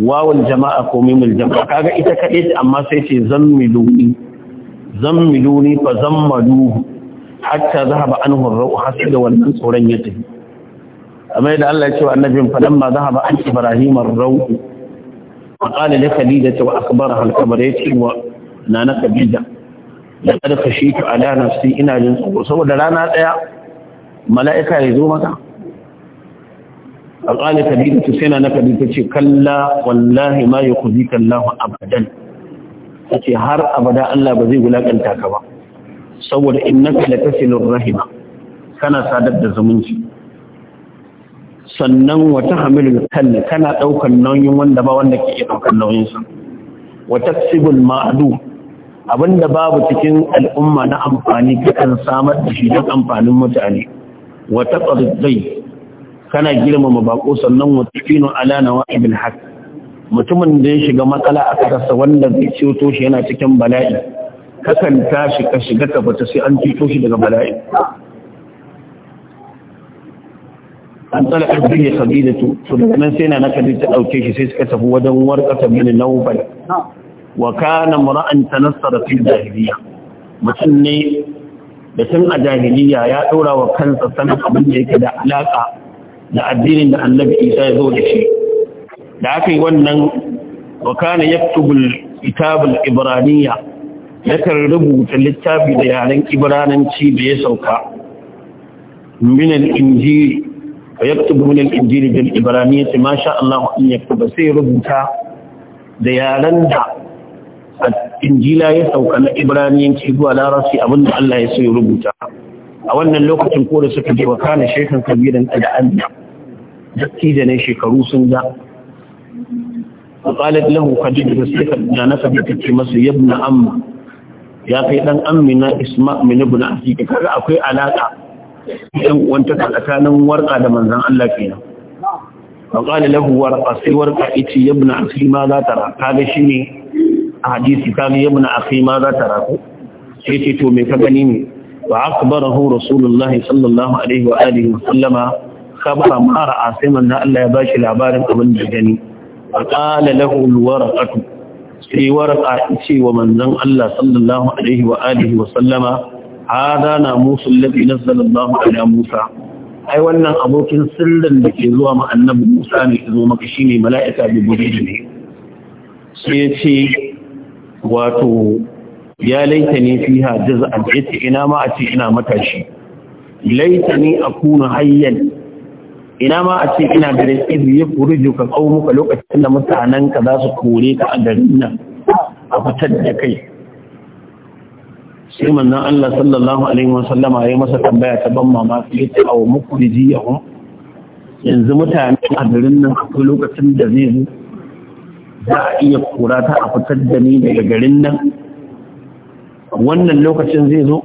wawan jama'a ko mimul jama'a kaga ita kaɗai amma sai ce zammiluni zammiluni fa zan zammaluhu hatta zahaba anhu ar-ru'u da wannan tsoron ya tafi amma da Allah ya ce wa annabin fa lamma zahaba an ibrahim ar-ru'u فقال لخديجة وأخبرها الخبر يتي ونانا خديجة لقد خشيت على ina إنا tsoro. Saboda rana ديا mala'ika ya zo maka a ƙane kadita ta sai na ta ce kalla wallahi ma ya kuzi kallahu abadan ta ce har abada Allah ba zai wulaƙanta ka ba saboda innaka la tasilur rahima kana sadar da zumunci sannan wata hamilul kalli kana ɗaukar nauyin wanda ba wanda ke ɗaukar nauyinsa wata sibul ma'adu abinda babu cikin al'umma na amfani kakan samar da shi don amfanin mutane وتقضي الضيف كان جلما مباقو النوم وتكينو على نوائب الحق متمن ديش غمقلا أكتس والذي سيوتوش هنا تكن بلائي كسن تاشي كشغتا فتسي أنتي توشي دك بلائي أنطلع بني خبيلة سلطان سينا نكدت أو كيشي سيس كتف ودن ورقة من النوبل نعم. وكان مرأة تنصر في الداهبية متنين da tun a jahiliya ya ɗora wa kansa sanin abin da yake da alaƙa da addinin da annabi isa ya zo da shi da aka yi wannan wa kana yaktubul kitabul ibraniya yakan rubuta littafi da yaren ibrananci da ya sauka min al min al da Ibraniya ibraniyati masha Allah in yaktuba sai rubuta da yaren da injila ya sauka na ibraniyanci zuwa larasi abin da Allah ya so ya rubuta a wannan lokacin koda suka je wa kana shekan kabirin da Allah dakki da ne shekaru sun da lahu qad jidda sika da na sabi kace masa yabna amma ya kai dan ammi na isma min ibn akwai alaka dan wanta tsakanin warqa da manzon Allah kenan fa qala lahu warqa sai warka ita yabna akhi ma za tara kaga shine a hadisi ta ga na akhi ma za ta rafu sai ce to me ka gani ne wa akbarahu rasulullahi sallallahu alaihi wa alihi wa sallama khabara ma ra'a sai manzo Allah ya bashi labarin abin da gani fa qala lahu alwaraqatu sai warqa ce wa manzon Allah sallallahu alaihi wa alihi wa sallama hada na musul ladhi nazzala Allah ala Musa ai wannan abokin sirrin da ke zuwa ma annabi Musa ne zo maka shine mala'ika bi ne sai ya ce wato ya laita ne fiha jaz'an yace ina ma a ce ina matashi laita ne a kuna hayyan ina ma a ce ina da rai ya furuju ka kawo muka lokacin da mutanenka za su kore ka a garin nan a fitar da kai sai manzon Allah sallallahu alaihi wasallama ya masa tambaya ta ban mamaki yace aw mukhriji yahum yanzu mutanen a garin nan akwai lokacin da zai zo za a iya kura ta a fitar da ni daga garin nan wannan lokacin zai zo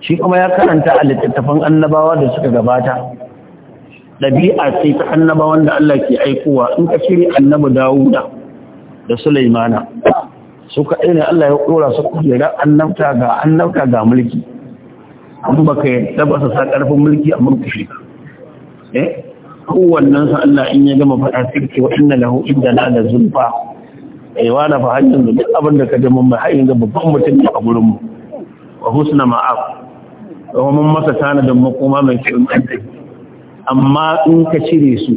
shi kuma ya karanta a littattafan annabawa da suka gabata ɗabi'a sai ta annabawan da Allah ke aikowa in ka shirya annabi Dawuda da Sulaimana su kaɗai ne Allah ya ƙura su kujera annabta ga annabta ga mulki an baka yadda ba su sa ƙarfin mulki a mulki shi eh kowannen sa Allah in ya gama faɗa sirki wa inna lahu na la zulfa ai eh, wala fa hajjin da duk abin da ka ji mun har yanzu babban mutum a gurin mu wa husna ma'af wa mun masa tanadin makoma mai kyau amma in ka cire su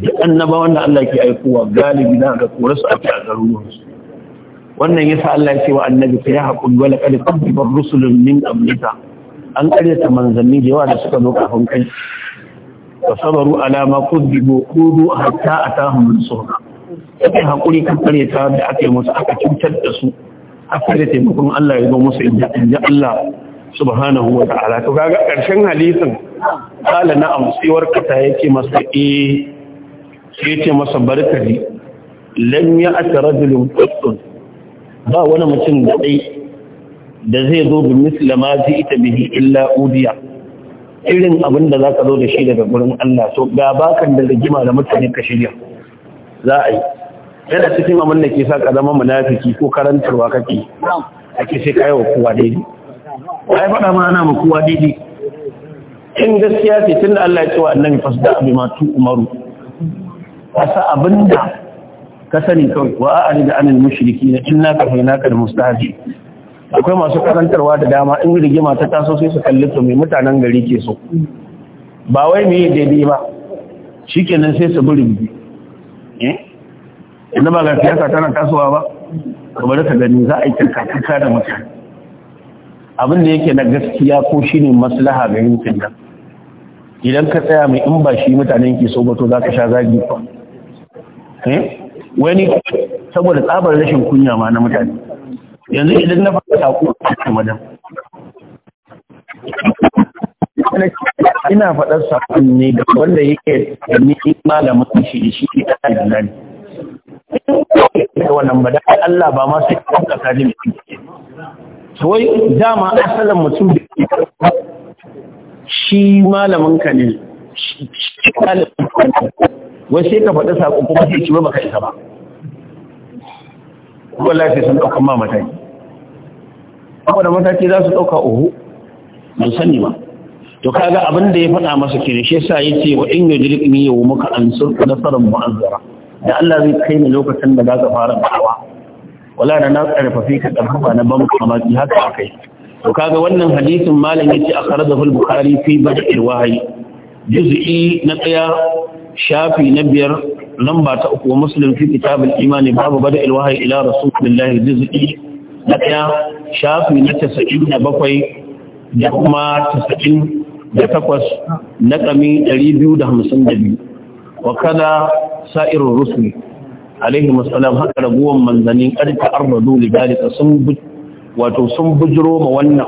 duk annabawan wanda Allah ke aikowa galibi na da kore su ake a garuruwansu wannan yasa Allah ya ce wa annabi ka ya haƙuri wala kada kabbar rusulun min qablika an karyata manzanni da yawa da suka zo kafin kai wa sabaru ala ma a kudu hatta atahum nusra sai haƙuri kan karyata da aka yi musu aka cutar da su aka da taimakon Allah ya zo musu inda inda Allah subhanahu wa ta'ala to kaga karshen hadisin qala na sai warkata yake masa eh sai yake masa barkari lam ya'ti rajulun qattun ba wani mutum da dai da zai zo bi mislama ji ita bihi illa udiya irin abin da za ka zo da shi daga gurin Allah to ga bakan da rigima da mutane ka shirya za a yi yana cikin abin da ke sa ka zama munafiki ko karantarwa kake ake sai kayi wa kowa daidai ai faɗa ma ana ma kowa daidai in gaskiya ce tun da Allah ya ce wa annabi fasda abi ma tu umaru asa abinda ka sani kawai wa a'rid anil mushrikeena ka naka ka mustahzi akwai masu karantarwa da dama in rigima ta taso sai su kalli to mai mutanen gari ke so ba wai yi daidai ba kenan sai su bi eh inda ba ga siyasa tana tasowa ba kamar ka gani za a yi karkatuka da mutane abin da yake na gaskiya ko shine maslaha ga yankin nan idan ka tsaya mai in ba shi mutanen ke so ba to za ka sha zagi ba eh? wani saboda tsabar rashin kunya ma na mutane yanzu idan na faɗa saƙo a cikin madan ina faɗar saƙon ne da wanda yake da ni malamin shi shi ne a cikin nan da wannan ba da Allah ba ma sai kan kasa ne to wai dama asalin mutum da shi malamin ka ne shi malamin ka ne wai sai ka faɗi saƙo kuma sai ci ba ka isa ba wallahi sun ɗauka ma mataki saboda mataki za su ɗauka uhu ban sani ba. to kaga abin da ya faɗa masa kire shi ya yace wa in yujrik ni ya muka ansur nasaran mu'azzara da Allah zai kai ni lokacin da zaka fara da'awa wala da na karfafe ka karfafa na ban mamaki haka akai to kaga wannan hadisin malam yace akhrajahu al-bukhari fi bad'il wahyi juz'i na tsaya shafi na biyar lamba ta uku wa muslim fi kitabul imani babu bada ilwahi ila rasulillahi juz'i na daya shafi na 97 da kuma 98 na kami 252 wa kada sa'irur rusul alaihi wasallam haka raguwan manzanin karka arbadu lidalika sun wato sun bujiro ma wannan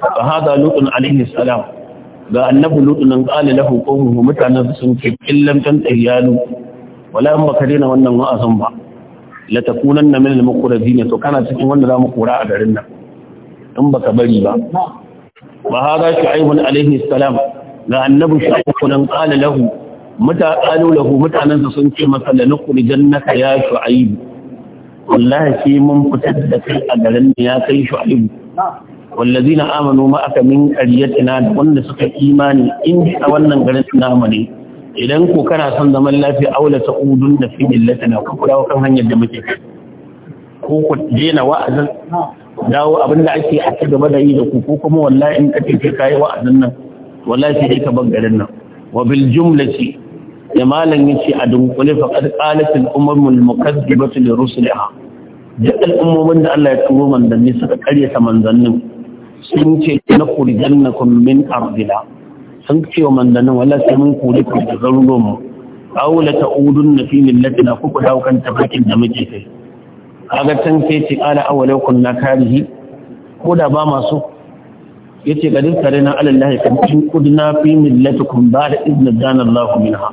fa hada lutun alaihi salam ga annabi lutun qala lahu qawmuhu mutanan sun ce illam tan tahiyalu wala in baka daina wannan wa'azin ba la takunanna min al-muqrabin to kana cikin wanda za mu kora a garin nan in baka bari ba wa hada shu'aib alaihi salam ga annabi shu'aib kun qala lahu qalu lahu mutanen sa sun ce masa la nuqri jannaka ya shu'aib wallahi sai mun fitar da kai a garin ya kai shu'aib والذين آمنوا معك من قريتنا وأن سكت إيماني إن wannan garin namu idan ku kana son zaman lafiya aula ta udun da fi illatina ku dawo kan hanyar da muke kai ko ku dena wa'azin dawo abin da ake a ci gaba da yi da ku ko kuma wallahi in kace kai kai wa'azin nan wallahi sai ka ban garin nan wa bil jumlati ya malam yace a dunkule fa qad qalat al umamul mukazzibatu li rusuliha duk al'ummomin da Allah ya turo manzanni suka karyata manzannin sun ce na kurjannakum min ardina sun ce wa mandanin wala sai mun kuli ku da garuruwan mu aw la ta'udun na fi millatin ku dawo kan tafakin da muke kai kaga tan sai ce qala awalau kunna karihi ko da ba masu yace ga dukkan rana alallahi kan kin kudna fi millatikum ba da iznin dana Allah minha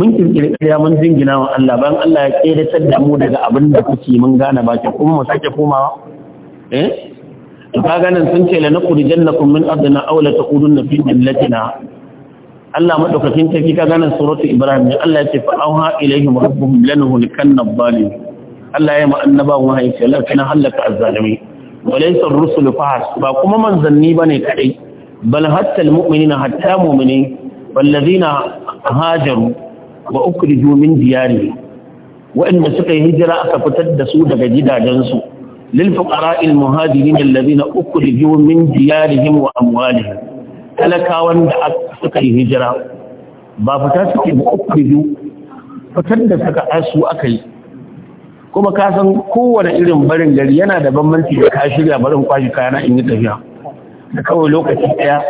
mun kirkiri ƙarya mun jingina wa Allah bayan Allah ya ƙeratar da mu daga abin da kuke mun gane ba ke kuma mu sake komawa eh to ka ganin sun ce la nakhrujannakum min ardina aw la taqulunna fi millatina Allah madaukakin tafi ka ganin suratu Ibrahim Allah ya ce fa auha ilaihim rabbuhum lanuhlikanna adh-dhalim Allah ya ma annabawan wahayi ce la kana halaka az-zalimi walaysa ar-rusul fahas ba kuma manzanni bane kadai bal hatta al-mu'minina hatta mu'mini wallazina hajaru wa ukhriju min diyarihim wa'anda suka yi hijira aka fitar da su daga gidajensu للفقراء المهاجرين الذين أخرجوا من ديارهم وأموالهم talakawan da suka yi hijira ba fita suke ba uku fitar da suka asu aka yi kuma kasan kowane irin barin gari yana da bambanci da ka shirya barin kwashe kayana in yi tafiya da kawai lokaci ɗaya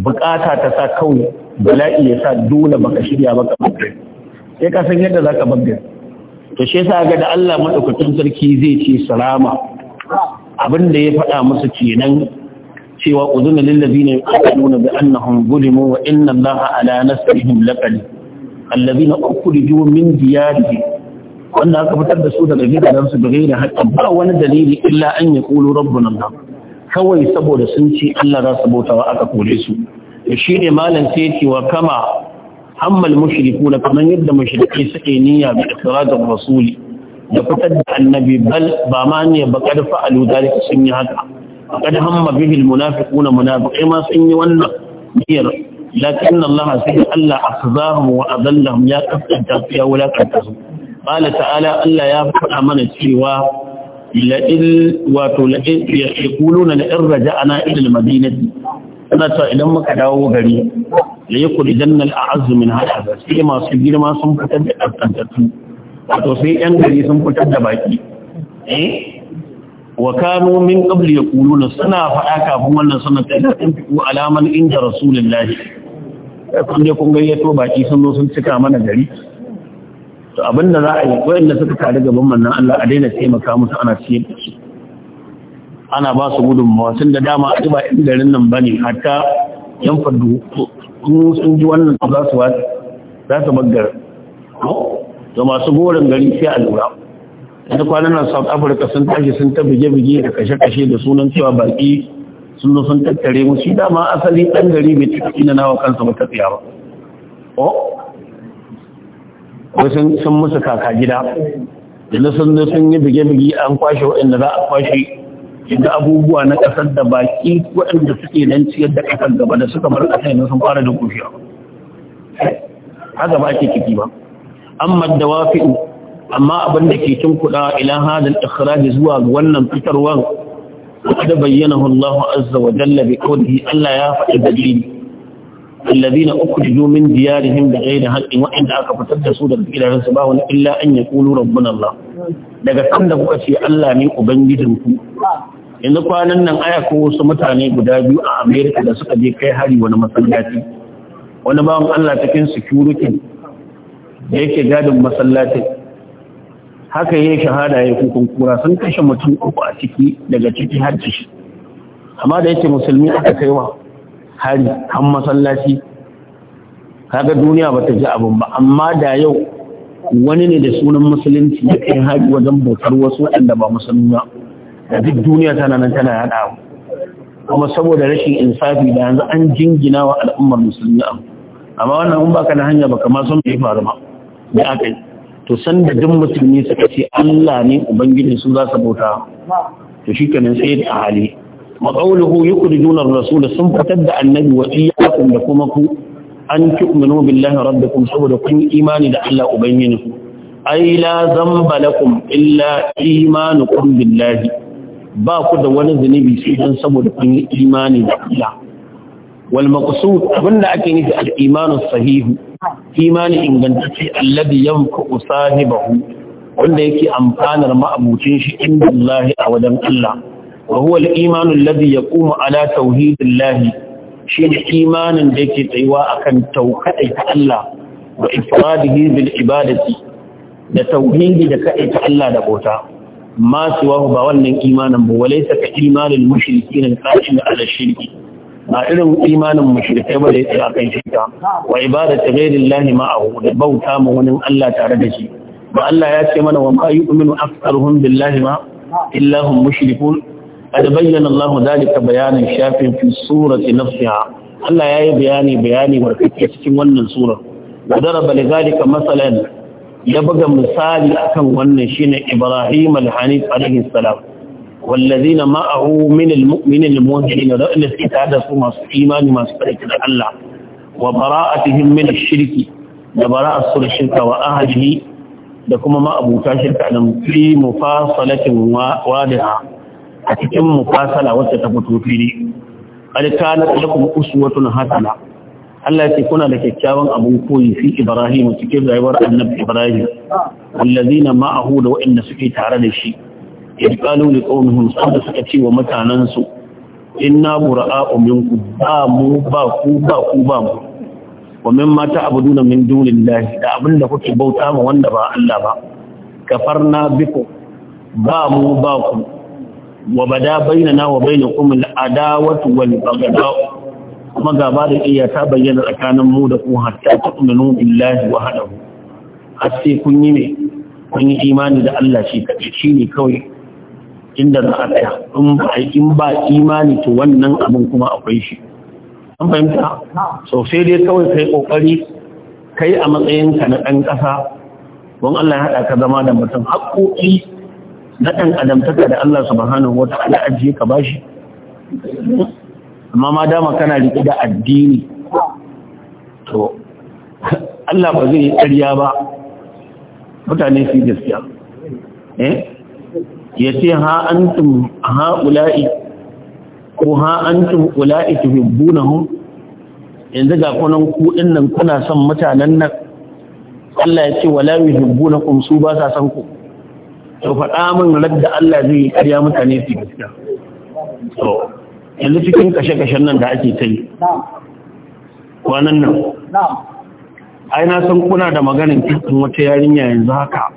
bukata ta sa kawai bala'i ya sa dole baka shirya baka bagare sai ka san yadda za ka bagare to shi yasa ga da Allah madaukakin sarki zai ci salama abin da ya faɗa musu kenan cewa uzuna lil ladina yuqatiluna bi annahum zulimu wa inna Allaha ala nasrihim laqadir alladina ukhriju min diyarihim wanda aka fitar da su daga gidajensu da gaira haƙƙin ba wani dalili illa an ya kulu rabbuna Allah kawai saboda sun ce Allah za su bauta wa aka kore su da shi ne malam sai ce wa kama ammal mushrikuna kaman yadda mushrike suke niyya bi da rasuli da fitar da annabi bal ba ma ne ba kad fa'alu dalika sun yi haka kad hamma bihi almunafiquna munafiqai ma sun yi wannan niyyar lakin Allah sai Allah akhzahum wa adallahum ya kaskanta ya wulakanta su qala ta'ala Allah ya faɗa mana cewa la'il wato la'il yaquluna la in raja'ana ila almadinati ana ta idan muka dawo gari la yukhrijan al a azumin hada sai masu girma sun fitar da kaskantattu wato sai yan gari sun fitar da baki eh wa kanu min qabli suna faɗa kafin wannan sanar ta idan fiku alaman inda rasulullahi kun je kun gayyato baki sun zo sun cika mana gari to abinda za a yi wayanda suka tare gaban mannan Allah a daina taimaka musu ana ciyar da su ana ba su gudunmawa tun da dama a ba in garin nan bane hatta yan fadu sun ji wannan za su wa za su baggar to masu goron gari sai a lura inda kwanan nan south africa sun tashi sun ta bige-bige da kashe-kashe da sunan cewa baki sun sun tattare musu dama asali ɗan gari mai cika ina nawa kansa ba ta tsaya ba ko sun musu kaka gida da sun sun yi bige-bige an kwashe waɗanda za a kwashe yadda abubuwa na ƙasar da baƙi waɗanda suke nan ciyar da ƙasar gaba da suka bar ƙasa yanzu sun fara da kushiya haka ba ake kiki ba amma da wafi'u amma abin da ke cin kuɗa ila hadal ikhraj zuwa wannan fitarwar da bayyana Allah azza wa jalla bi qawlihi Allah ya faɗi dalili alladhina da min diyarihim bighayri haqqin wa inda aka fitar da su daga gidajensu ba wani illa an yaqulu rabbuna Allah daga kan da kuka ce Allah ne ubangijin ku, yanzu kwanan nan aya ko wasu mutane guda biyu a Amerika da suka je kai hari wani masallaci wani bawan Allah cikin security da yake gadin masallacin haka yayi shahada ya hukun kura sun kashe mutum uku a ciki daga ciki har ciki amma da yake musulmi aka kai wa hari kan masallaci kaga duniya bata ji abin ba amma da yau wani ne da sunan musulunci ya kai haɗi wajen bautar wasu waɗanda ba musulmi ba da duk duniya tana nan tana yaɗa kuma saboda rashin insafi da yanzu an jingina wa al'ummar musulmi abu amma wannan in baka da hanya baka ma san bai faru ba da aka yi to san da duk musulmi suka ce Allah ne ubangijin su za su bauta to shikenan sai da hali maqawluhu yukhrijuna ar-rasul sun fitar da annabi wa iyyakum da kuma ku an tu'minu billahi rabbikum saboda kun imani da Allah ubangijinku ai la zamba lakum illa imanukum billahi ba ku da wani zunubi sai dan saboda kun yi imani da Allah wal maqsud abinda ake nufi al imanu sahih imani ingantacce alladhi yanfa'u sahibahu wanda yake amfanar ma'abucin shi inda Allah a wajen Allah wa huwa al imanu alladhi yaqumu ala tauhidillahi shi ne imanin da yake tsayuwa akan taukaɗai ta Allah da ifradihi bil ibadati da tauhidi da kaɗai ta Allah da bauta masu siwahu ba wannan imanin ba saka walaysa ka na mushrikin da ala shirki na irin imanin mushrikai ba da ya tsaya kan shirka wa ibadatu ghayrillahi ma'ahu da bauta ma wani Allah tare da shi ba Allah ya ce mana wa ma yu'minu aktsaruhum billahi ma illa hum mushrikun قد بين الله ذلك بيانا شافعا في سورة نفسها الله يا bayani بياني وركتي cikin wannan sura wadaraba lidhalika masalan ya buga misali akan wannan shine ibrahim alhanif alayhi salam walladhina ma'ahu min almu'minin almu'minin radina istada su masu imani masu farki Allah wa bara'atuhum min ash-shirk da bara'atu ash-shirk wa ahlihi da kuma ma abuta shirka dan fi mufasalatin wadiha a cikin mufasala wacce ta fito fili qad kanat lakum uswatun hasana Allah yake kuna da kyakkyawan abun koyi fi Ibrahim cikin rayuwar Annabi Ibrahim wallazina ma'ahu da wa'anda suke tare da shi yaqalu liqawmihim sanda suka ce wa mutanansu. inna bura'a'u minkum ba mu ba ku ba ku ba mu wa mimma ta'buduna min dunillahi da abinda kuke bauta ma wanda ba Allah ba kafarna biku ba mu ba ku wa bada bainana wa bainakum al-adawatu wal baghdha kuma gaba da iya ta bayyana tsakanin mu da ku hatta tu'minu billahi wa hadahu sai kun yi ne kun yi imani da Allah shi kaɗai shi ne kawai inda za a tsaya in ba imani to wannan abin kuma akwai shi an fahimta so sai dai kawai kai kokari kai a matsayinka na ɗan kasa don Allah ya haɗa ka zama da mutum haƙoƙi na ɗan adamtaka da Allah subhanahu wa ta'ala ajiye ka bashi amma ma dama kana riƙe da addini to Allah ba zai yi ƙarya ba mutane su gaskiya eh ya ce ha antum ha ula'i ko ha antum ula'i tuhibbunahum yanzu ga kunan ku nan kuna son mutanen nan Allah ya ce wala yuhibbunakum su ba sa son ku to faɗa min ladda Allah zai yi ƙarya mutane su gaskiya to yanzu cikin kashe-kashen nan da ake ta yi kwanan nan ai na san kuna da maganin kirkin wata yarinya yanzu haka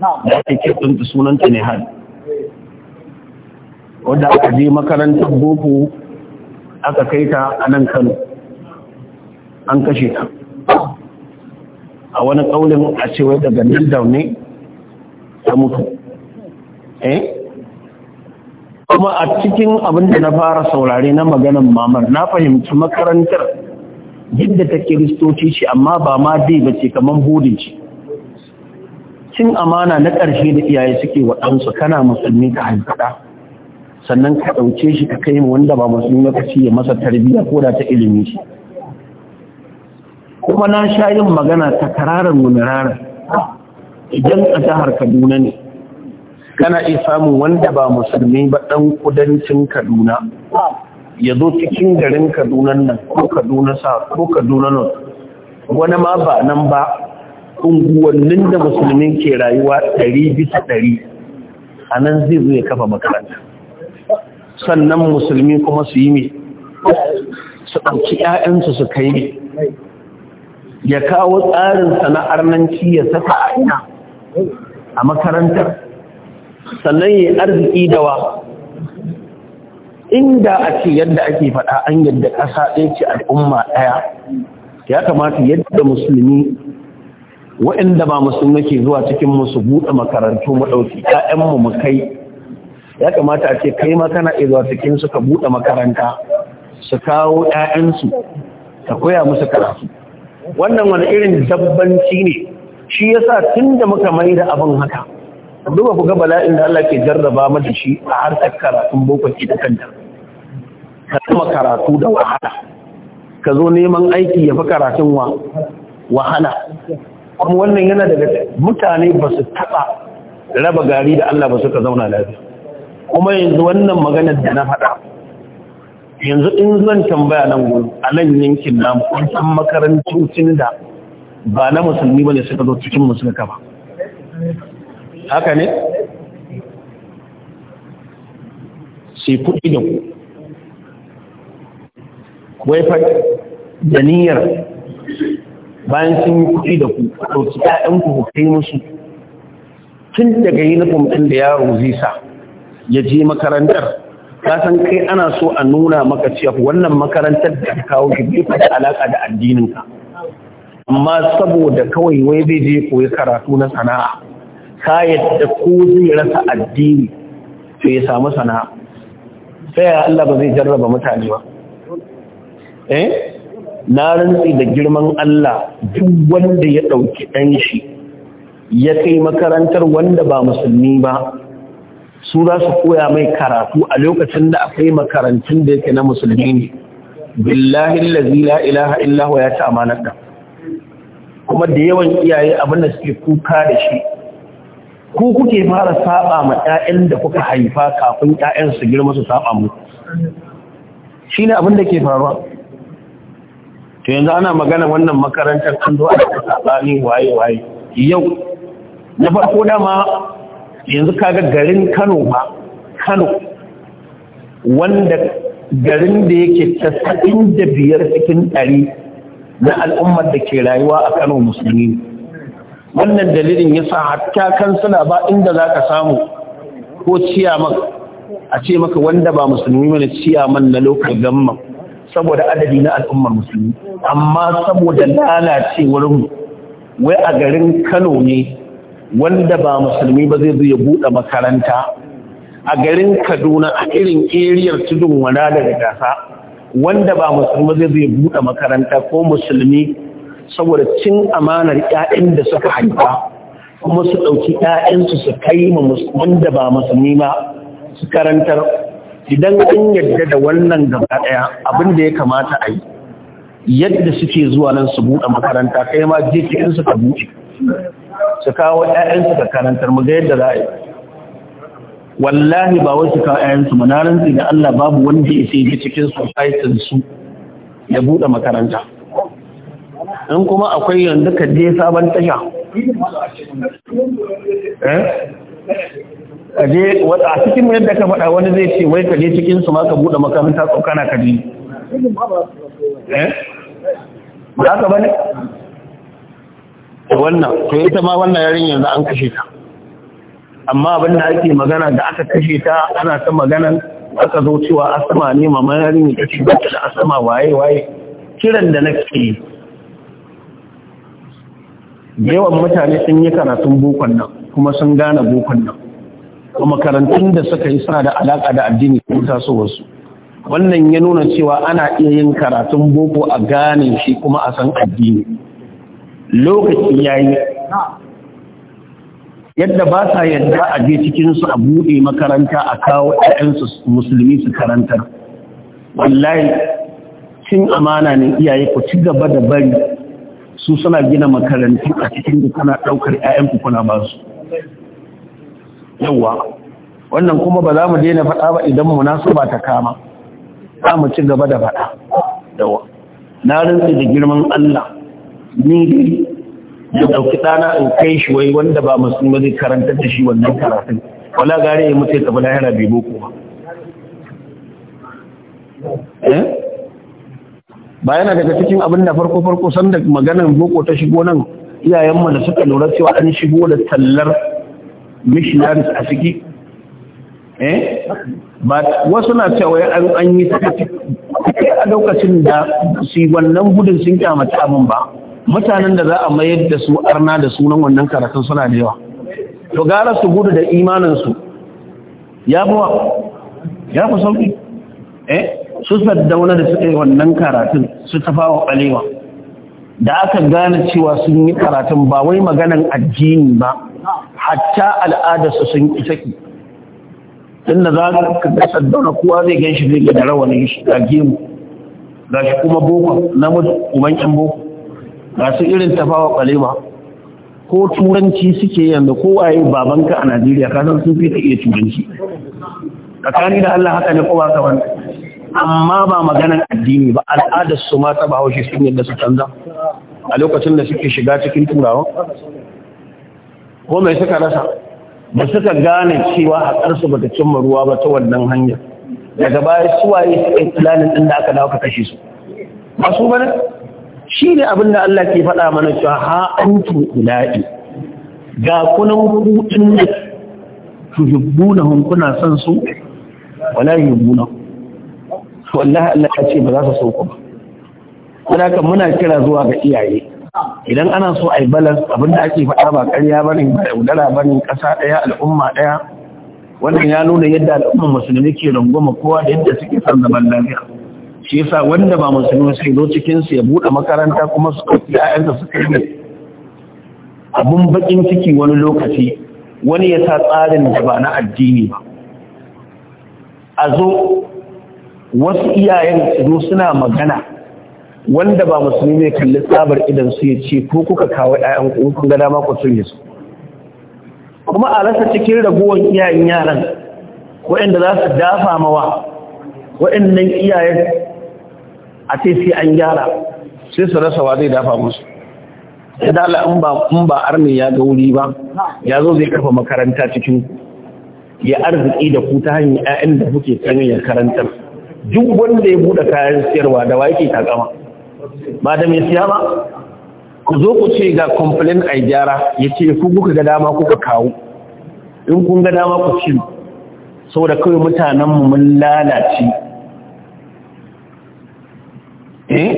da ake kirkin ta sunanta ne hali. wadda aka je makarantar boko aka kai ta a nan kano an kashe ta a wani ƙaunin a cewa daga nildau ne ta mutu Eh? kuma a cikin abin da na fara saurare na maganan mamar na fahimci makarantar yadda ta kiristoci ce amma ba ma dai ba ce kamar budin ce cin amana na ƙarshe da iyaye suke waɗansu kana musulmi ka haifada sannan ka ɗauke shi ka kai wanda ba musulmi ka ci ya masa tarbiyya ko da ta ilimi shi, kuma na sha yin magana ta kararar munirarar ah, idan a jihar kaduna ne kana iya samun wanda ba musulmi ba ɗan kudancin kaduna ya zo cikin garin kaduna nan ko kaduna sa ko kaduna nan wani ma ba nan ba unguwannin da musulmi ke rayuwa ɗari bisa ɗari a nan zai zo ya kafa makaranta sannan musulmi kuma su yi mai su ɗauki ‘ya'yansu su kai ne ya kawo tsarin sana'ar nan ya saka a ina a makarantar sannan yi arziki dawa inda a ce yadda ake faɗa an yadda ƙasa ɗaya ce al'umma ɗaya ya kamata yadda musulmi waɗanda ba musulmi ke zuwa cikin musu buɗe makarantu maɗauki ƴaƴanmu mu kai ya kamata a ce kai ma kana iya zuwa cikin suka buɗe makaranta su kawo ƴaƴansu ta koya musu karatu wannan wani irin dabbanci ne shi yasa tun da muka mai da abin haka duba ku ga bala'in da Allah ke jarraba mata shi a harkar karatun boko ke da kanta ka kuma karatu da wahala ka zo neman aiki ya fi karatun wa wahala kuma wannan yana daga mutane ba su taɓa raba gari da Allah ba suka zauna lafiya kuma yanzu wannan maganar da na faɗa yanzu in zan tambaya nan gudu a nan yankin namu kun san makarantun da ba na musulmi ba ne suka zo cikin musulka ba haka ne sai kuɗi da ku wai fa da niyyar bayan sun yi kuɗi da ku ɗauki ƴaƴanku ku kai musu tun daga uniform ɗin da yaro zai sa ya je makarantar ka san kai ana so a nuna maka cewa wannan makarantar da kawo ki bai fata alaka da addininka amma saboda kawai wai bai je koyi karatu na sana'a ka yadda ko zai rasa addini to ya samu sana'a sai ya Allah ba zai jarraba mutane ba eh na rantsi da girman Allah duk wanda ya dauki dan shi ya kai makarantar wanda ba musulmi ba su za su koya mai karatu a lokacin da akwai makarantun da yake na musulmi ne billahi allazi la ilaha illa huwa ya ta kuma da yawan iyaye abin da suke kuka da shi ku kuke fara saba ma ƴaƴan da kuka haifa kafin ƴaƴan su girma su saba mu shine abin da ke faruwa to yanzu ana magana wannan makarantar an zo a waye waye yau na farko ma yanzu kaga garin Kano ba Kano wanda garin da yake tasa'in da biyar cikin ɗari na al'ummar da ke rayuwa a Kano musulmi wannan dalilin ya sa hatta kansila ba inda za ka samu ko ciyaman a ce maka wanda ba musulmi mana ciyaman na lokacin gamma saboda adadi na al'ummar musulmi amma saboda lalacewar mu wai a garin kano ne wanda ba musulmi ba zai zo ya buɗe makaranta a garin kaduna a irin eriyar tudun wana daga gasa wanda ba musulmi zai zo ya buɗe makaranta ko musulmi saboda cin amanar ƴaƴan da suka haifa kuma su ɗauki ƴaƴansu su kai ma da ba musulmi ba su karantar idan an yadda da wannan gaba ɗaya abin da ya kamata a yi yadda suke zuwa nan su buɗe makaranta kai ma je cikin ka buɗe su kawo ƴaƴansu ka karantar mu ga yadda za a yi wallahi ba wai su kawo ƴaƴansu ba na rantsi da Allah babu wanda ya sai cikin society su ya buɗe makaranta in kuma akwai yanzu ka je sabon tasha eh? kaje a cikin yadda ka faɗa wani zai ce wai je cikin su ma ka buɗe makaranta tsokana ka je eh? ba haka bane wannan to ita ma wannan yarin yanzu an kashe ta amma abin da ake magana da aka kashe ta ana ta magana aka zo cewa asama ne mamayarin ya ce ta da asama waye waye kiran da nake yi yawan mutane sun yi karatun bokon nan kuma sun gane bokon nan kuma makarantun da suka yi suna da alaƙa da addini ko tasowarsu wannan ya nuna cewa ana iya yin karatun boko a gane shi kuma a san addini lokaci ya yi yadda ba sa yadda a je cikinsu a buɗe makaranta a kawo ƴaƴansu, musulmi su karantar wallahi cin amana ne iyaye ku ci gaba da bari su suna gina makarantu a cikin da kuna ɗaukar 'ya'yan kuna ba su yawa wannan kuma ba za mu daina faɗa ba idan mu ba ta kama za mu ci gaba da faɗa yawa na rantsi da girman Allah ni da ɗauki ɗana in kai shi wai wanda ba musulmi zai karantar da shi wannan karatun wala gare ya mutu ya tafi lahira bai boko ba eh? ba yana daga cikin abin da farko farko san da maganar boko ta shigo nan iyayenmu da suka lura cewa an shigo da tallar missionaries a ciki eh ba wasu na cewa an an yi sakaci a lokacin da su wannan gudun sun kyamata abin ba mutanen da za a mayar da su arna da sunan wannan karatun suna da yawa to gara su gudu da imaninsu ya buwa ya fi sauki eh su saddauna da suka yi wannan karatun su tafawa ɓalewa da aka gane cewa sun yi karatun ba wai maganan addini ba hatta al'adarsu sun isa ki? inda za ka ga saddauna kowa zai gan shi zai ga rawanin shi gemu ga shi kuma boko na kuman yan boko ga su irin tafawa ɓalewa ko turanci suke yanzu waye babanka a najeriya kasan sun fi ta iya turanci tsakani da allah haka ne kowa ka wani amma ba maganar addini ba al'adar su ma ta bahaushe sun yadda su canza a lokacin da suke shiga cikin turawa ko mai suka rasa ba suka gane cewa haƙarsu ba ta cimma ruwa ba ta wannan hanyar daga baya suwaye su yi planin ɗin da aka dawo ka kashe su ba su bane shi ne abin da Allah ke faɗa mana cewa ha an ila'i ga kunan kuɗin da tuhibbunahum kuna son su wala yi yuhibbunahum to Allah ya ce ba za su so ku ba kan muna kira zuwa ga iyaye idan ana so a yi balance abinda ake faɗa ba ƙarya ba ne ba yaudara ba ne ƙasa ɗaya al'umma ɗaya wannan ya nuna yadda al'ummar musulmi ke runguma kowa da yadda suke san zaman lafiya shi yasa wanda ba musulmi sai zo cikin su ya buɗe makaranta kuma su ɗauki ƴaƴansa su kai abun bakin ciki wani lokaci wani ya sa tsarin da ba na addini ba a zo wasu iyayen su suna magana wanda ba musulmi ne kalli tsabar idan su ya ce ko kuka kawo ɗayan kun ga dama ku cinye kuma a rasa cikin ragowar iyayen yaran waɗanda za su dafa mawa waɗannan iyayen a ce sai an gyara sai su rasa wa zai dafa musu ya dala in ba in ba arni ya ga wuri ba ya zo zai kafa makaranta cikin ya arziki da ku ta hanyar 'ya'yan da kuke sanin ya karantar duk wanda ya buɗe kayan siyarwa da wa yake takama ba da mai siya ba ku zo ku ce ga complain a gyara ya ce ku kuka ga dama kuka kawo in kun ga dama ku ci saboda kawai mutanenmu mun lalace eh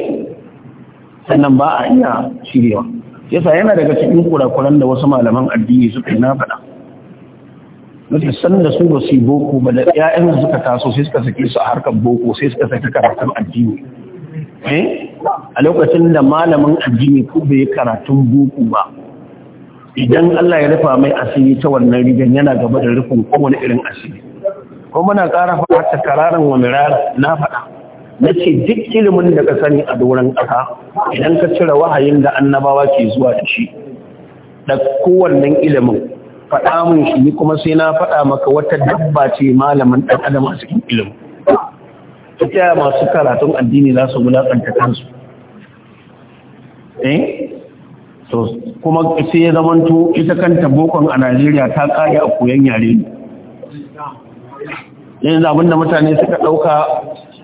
sannan ba a iya shirewa yasa yana daga cikin kurakuran da wasu malaman addini suka yi na faɗa mafi san da su ba su boko ba da ƴaƴan suka taso sai suka sake su a harkar boko sai suka sake karatun addini eh? a lokacin da malamin addini ko bai karatun boko ba idan Allah ya rufa mai asiri ta wannan rigan yana gaba da rufin kowane irin asiri ko muna ƙara faɗa ta kararan wa rara, na faɗa na ce duk ilimin da ka sani a doron ƙasa idan ka cire wahayin da annabawa ke zuwa da shi da kowannen ilimin faɗa mun shi ni kuma sai na faɗa maka wata dabba ce malamin ɗan adam a cikin ilimi ta yaya masu karatun addini za su wulaƙanta kansu eh to kuma sai ya to ita kanta bokon a Najeriya ta kare a koyon yare ne yanzu abinda mutane suka ɗauka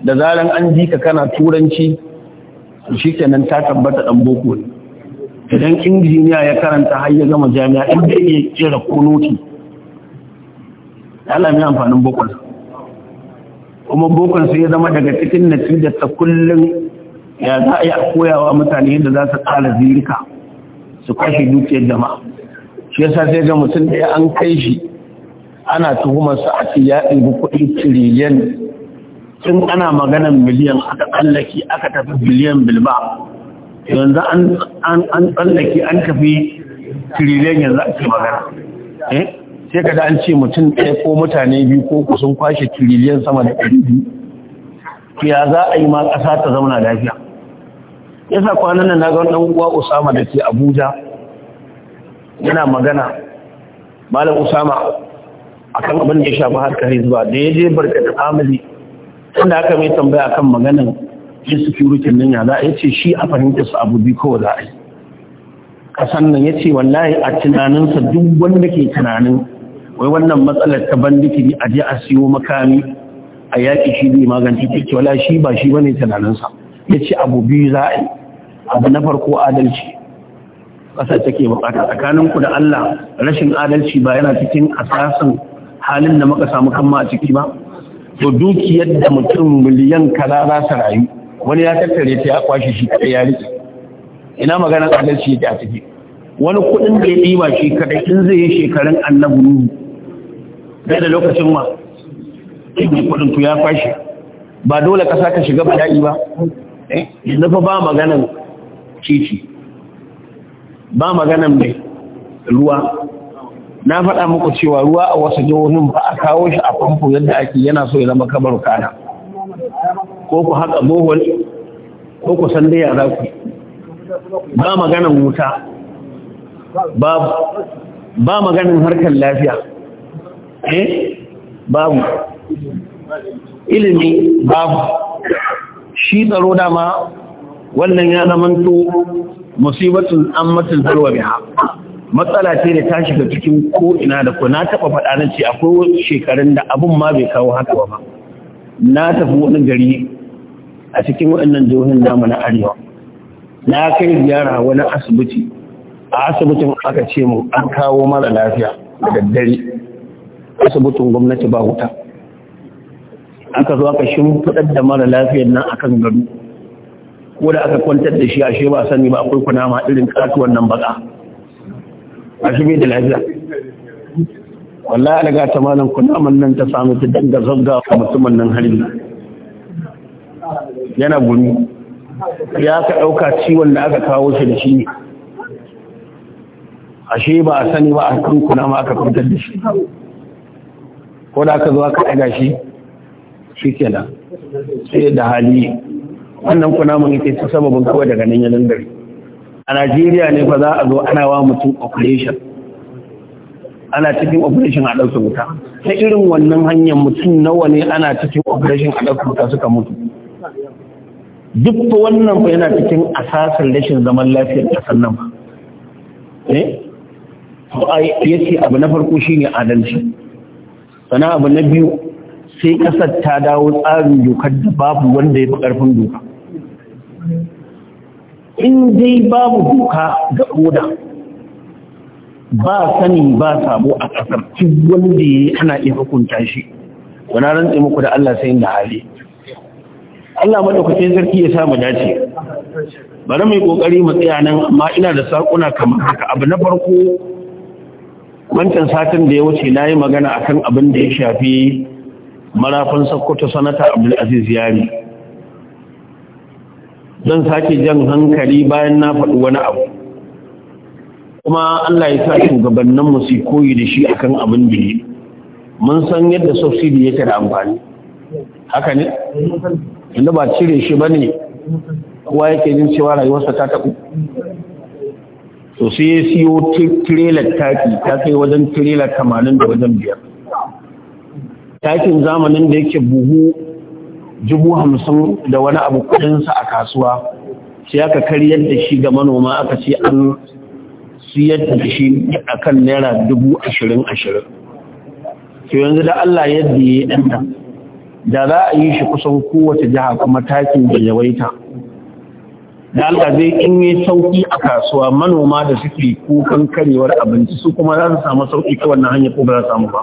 da zaran an ji kana turanci shi kenan ta tabbata ɗan boko ne idan injiniya ya karanta har ya gama jami'a in da iya kera noti Allah ya amfanin bokon kuma bokon sai ya zama daga cikin natija ta kullum ya za a yi koyawa mutane yadda za su ƙara zirka su kashe dukiyar jama'a shi yasa sai ga mutum da ya an kai shi ana tuhumar a ce ya kuɗi tiriliyan tun ana maganan miliyan aka tsallake aka tafi biliyan bilba yanzu an tsallake an tafi tirilen yanzu ake magana eh sai ka da an ce mutum ɗaya ko mutane biyu ko ku sun kwashe tirilen sama da ɗari biyu ya za a yi ma ƙasa ta zauna lafiya sa kwanan nan na ga ɗan uwa usama da ke abuja yana magana malam usama akan abin da ya shafi harkar zuwa da ya je amali tun da aka mai tambaya akan maganan insecurity nan ya za yace shi a fahimta su abu biyu kawai za a yi kasan nan yace wallahi a tunaninsa duk wanda ke tunanin wai wannan matsalar ta ban bandikiri a je a siyo makami a yaƙi shi zai magance ta wala shi ba shi bane tunaninsa yace abu biyu za a yi abu na farko adalci ƙasar take bukata tsakaninku da Allah rashin adalci ba yana cikin asasin halin da muka samu kanmu a ciki ba to dukiyar da mutum miliyan kaza za su rayu wani ya tattare ta ya kwashe shi kadai ya riƙe, ina maganar adalci yake a ciki wani kudin da ya ɗiba shi kadai in zai yi shekarun annabu nuhu sai da lokacin ma ɗin kudin ku ya kwashe ba dole ka ka shiga bala'i ba eh fa ba maganar cici ba maganar mai ruwa na faɗa muku cewa ruwa a wasu jihohin ba a kawo shi a famfo yadda ake yana so ya zama kabar kana ko ku haka bohol ko ku san dai za ku ba maganan wuta babu ba maganin harkar lafiya eh babu ilimi babu shi tsaro dama wannan ya zamanto musibatun ammatin zarwa ha matsala ce da ta shiga cikin ko ina da ku na taɓa faɗa na ce akwai shekarun da abun ma bai kawo haka ba na tafi wani gari a cikin waɗannan jihohin namu na arewa na kai ziyara wani asibiti a asibitin aka ce mu an kawo mara lafiya da daddare asibitin gwamnati ba wuta aka zo aka shimfiɗar da mara lafiyar nan a kan gado ko da aka kwantar da shi ashe ba sani ba akwai kunama irin katuwan nan baka shi bai da lafiya wallahi alaga ta malam kunaman nan ta samu ta danga zagga mutumin nan harbi yana gumi ya ka ɗauka ciwon da aka kawo shi da shi ne ashe ba a sani ba a kan kuna ma aka fitar da shi ko da aka zo aka ɗaga shi shi nan sai da hali wannan kuna mun ita ce sababin kawai daga nan yanin dare a Najeriya ne fa za a zo ana wa mutum operation ana cikin operation a ɗauke wuta ta irin wannan hanyar mutum nawa ne ana cikin operation a ɗauke wuta suka mutu duk fa wannan fa yana cikin asasin rashin zaman lafiyar ƙasar nan ba eh ya ce abu na farko shi ne adalci Sana abu na biyu sai ƙasar ta dawo tsarin dokar da babu wanda ya fi ƙarfin doka in dai babu doka ga koda, ba sani ba sabo a ƙasar duk wanda ya ana iya hukunta shi wani rantsi muku da Allah sai da hali Allah maɗaukacin sarki ya sa mu dace bari mu yi kokari mu tsaya nan amma ina da sakuna kamar haka abu na farko wancan satin da ya wuce na yi magana akan abin da ya shafi marafin sakkwato sanata abdulaziz yari zan sake jan hankali bayan na faɗi wani abu kuma allah ya sa shugabannin mu su koyi da shi akan abin da mun san yadda subsidi yake da amfani haka ne inda ba cire shi ba ne kowa yake jin cewa rayuwarsa ta taɓu to sai ya siyo tirelar taki ta kai wajen trailer tamanin da wajen biyar takin zamanin da yake buhu jubu hamsin da wani abu kudinsa a kasuwa sai aka karyar da shi ga manoma aka ce an siyar da shi a kan naira dubu ashirin ashirin to yanzu da allah yadda ya yi ɗanta da za a yi shi kusan kowace jiha kuma takin da yawaita da Allah zai in yi sauki a kasuwa manoma da suke kukan karewar abinci su kuma za su samu sauki ta wannan hanyar ko za su samu ba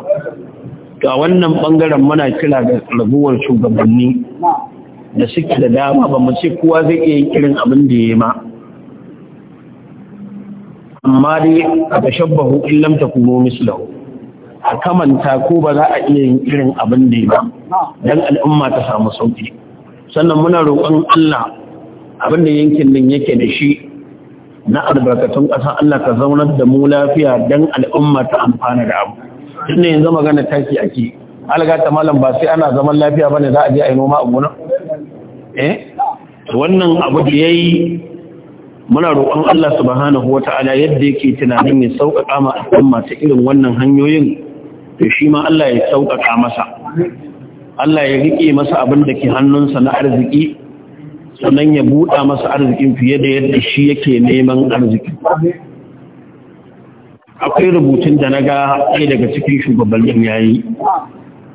ga wannan bangaren muna kira da raguwar shugabanni da suke da dama ba mu ce kowa zai iya yin irin abin da ya ma amma dai a shabbahu in lamta kuma misalau, a kamanta ko ba za a iya yin irin abin da ya ba don al'umma ta samu sauƙi sannan muna roƙon Allah abin da yankin nan yake da shi na albarkatun ƙasa Allah ka zaunar da mu lafiya don al'umma ta amfana da abu tunda yanzu magana taki ake alga ta malam ba sai ana zaman lafiya bane za a je a yi noma a gona eh wannan abu da yayi muna roƙon Allah subhanahu ta'ala yadda yake tunanin ya sauƙaƙa ma al'umma ta irin wannan hanyoyin to shi ma Allah ya sauƙaƙa masa Allah ya riƙe masa abin da ke hannunsa na arziki sannan ya buɗa masa arzikin fiye da yadda shi yake neman arziki akwai rubutun da na ga ɗaya daga cikin shugabannin ya yi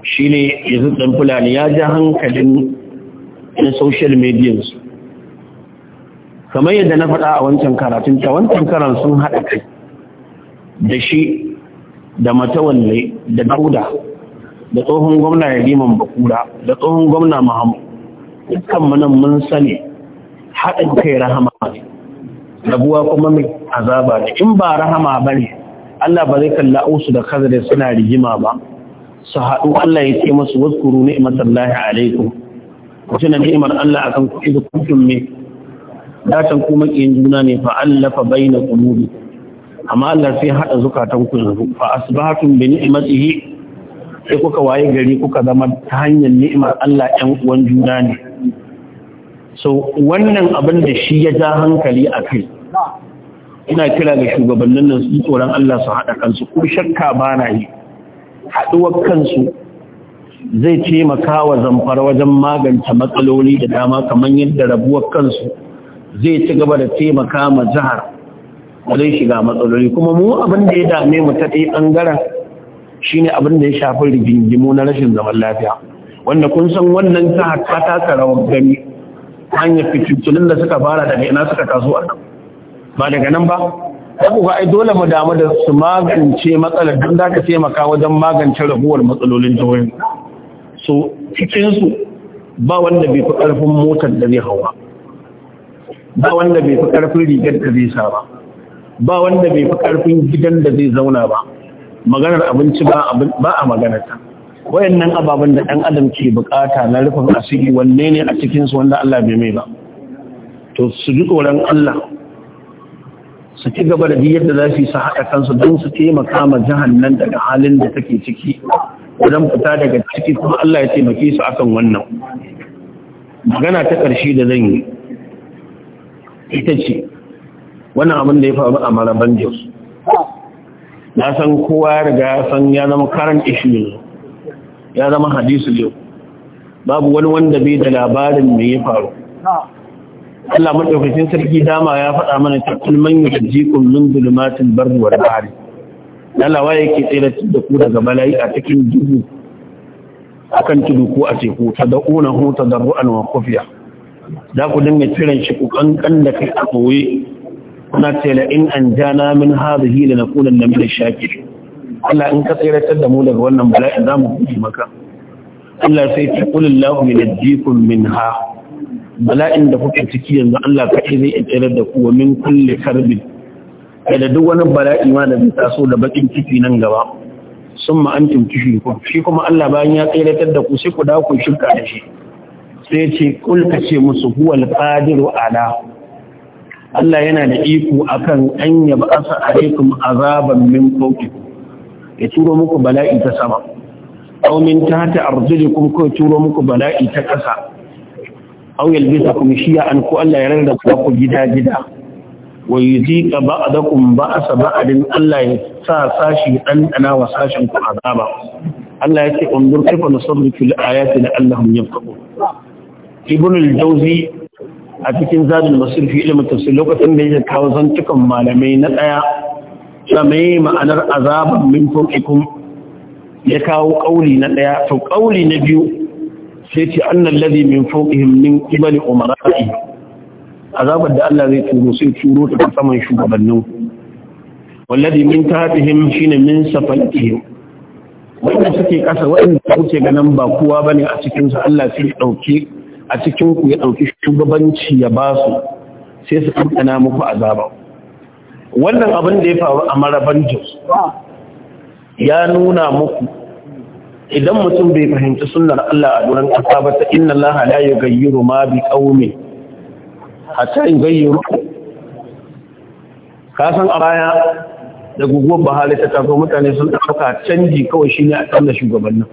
shi ne yanzu ɗan fulani ya ji hankalin na social medias kamar yadda na faɗa a wancan karatun ta wancan karan sun haɗa kai da shi da matawalle da dauda da tsohon gwamna ya liman bakura da tsohon gwamna muhammad dukkan manan mun sani haɗin kai rahama ne rabuwa kuma mai azaba ne in ba rahama ba ne allah ba zai kalla ausu da kazare suna rigima ba su haɗu allah ya ce masu waskuru ni'imatallahi alaikum ku na ni'imar allah akan kuɗi da kuɗin mai datan kuma ƙin juna ne fa allafa baina qulubi amma allah sai haɗa zukatan ku yanzu fa asbahatum bi ni'matihi sai kuka waye gari kuka zama ta hanyar ni'imar Allah ‘yan uwan juna ne. So, wannan abin da shi ya ja hankali a kai, ina kira ga shugabannin nan su tsoron Allah su haɗa kansu, ko shakka ba na yi, haɗuwar kansu zai taimaka wa zamfar wajen magance matsaloli da dama kamar yadda rabuwar kansu zai ci gaba da taimaka ma jihar zai shiga matsaloli. Kuma mu abin da ya dame mu ta ɗai ɓangaren Shi ne abin da ya shafi rigingimu na rashin zaman lafiya wanda kun san wannan ta ta taka rawar gani hanyar fitilun da suka fara daga ina suka taso a nan ba daga nan ba ta kuka ai dole mu damu da su magance matsalar don za ka taimaka wajen magance rabuwar matsalolin jihohin so cikinsu ba wanda bai fi ƙarfin motar da zai hawa ba wanda bai fi ƙarfin rigar da zai sa ba ba wanda bai fi ƙarfin gidan da zai zauna ba maganar abinci ba a ta. wayannan ababen da ɗan adam ke bukata na rufin asiri wanne ne a cikinsu wanda Allah bai mai ba to su ji tsoron Allah su ci gaba da yadda za su yi su haɗa kansu don su taimaka ma jihar nan daga halin da take ciki wajen fita daga ciki kuma Allah ya taimake su akan wannan magana ta ƙarshe da zan yi ita ce wannan abin da ya faru a maraban na san kowa ya riga san ya zama ishi ne ya zama hadisu yau babu wani wanda bai da labarin me ya faru Allah maɗaukacin sarki dama ya faɗa mana cikin manyan jikun min zulumatil barri wal bahri ya ke yake da ku daga balayi a cikin duhu akan tudu ko a teku ta tadarruan wa khufiya da ku dinga kiran shi ku kankan da kai a ɓoye kuna ce in an jana min hila na nakunan min ash-shakir Allah in ka tsiratar da mu daga wannan bala'i za mu kuce maka Allah sai ta qul Allahu min minha bala'in da kuke ciki yanzu Allah ce zai tsirar da ku min kulle karbin da duk wani bala'i ma da zai taso da bakin ciki nan gaba sun ma'antin kishi ku shi kuma Allah bayan ya tsiratar da ku sai ku dawo ku shirka da shi sai ce Kulka ce musu huwal qadiru ala Allah yana da iko akan an yaba asa alaikum azaban min fawqikum ya turo muku bala'i ta sama aw min tahti kuma ko turo muku bala'i ta ƙasa aw yalbisakum shiya'an ko Allah ya rarraba ku gida gida wa yuziqa ba'dakum ba'sa ba'din Allah ya sa sashi dan dana wa sashen ku azaba Allah ya ce undur kaifa nusarrifu al-ayati la'allahum yafqahun ibn al-jawzi a cikin zadin masul fi ilimin tafsir lokacin da yake kawo zantukan malamai na ɗaya da mai ma'anar azaban min fawqikum ya kawo kauli na ɗaya to kauli na biyu sai ce annal ladhi min fawqihim min qibali umara'i azabar da Allah zai turo sai turo ta saman shugabannin wallazi min tahtihim shine min safalatihim wanda suke kasa wanda suke ganin ba kowa bane a cikin su Allah sai dauke a cikin ku ya ɗauki shugabanci ya ba su sai su ɗanɗana muku azaba wannan abin da ya faru a maraban jos ya nuna muku idan mutum bai fahimci sunnar Allah a duran ƙasa ba ta inna Allah la yughayyiru ma bi qaumin hatta yughayyiru ka san a baya da guguwar bahali ta taso mutane sun ɗauka canji kawai shine a tsanna shugabannin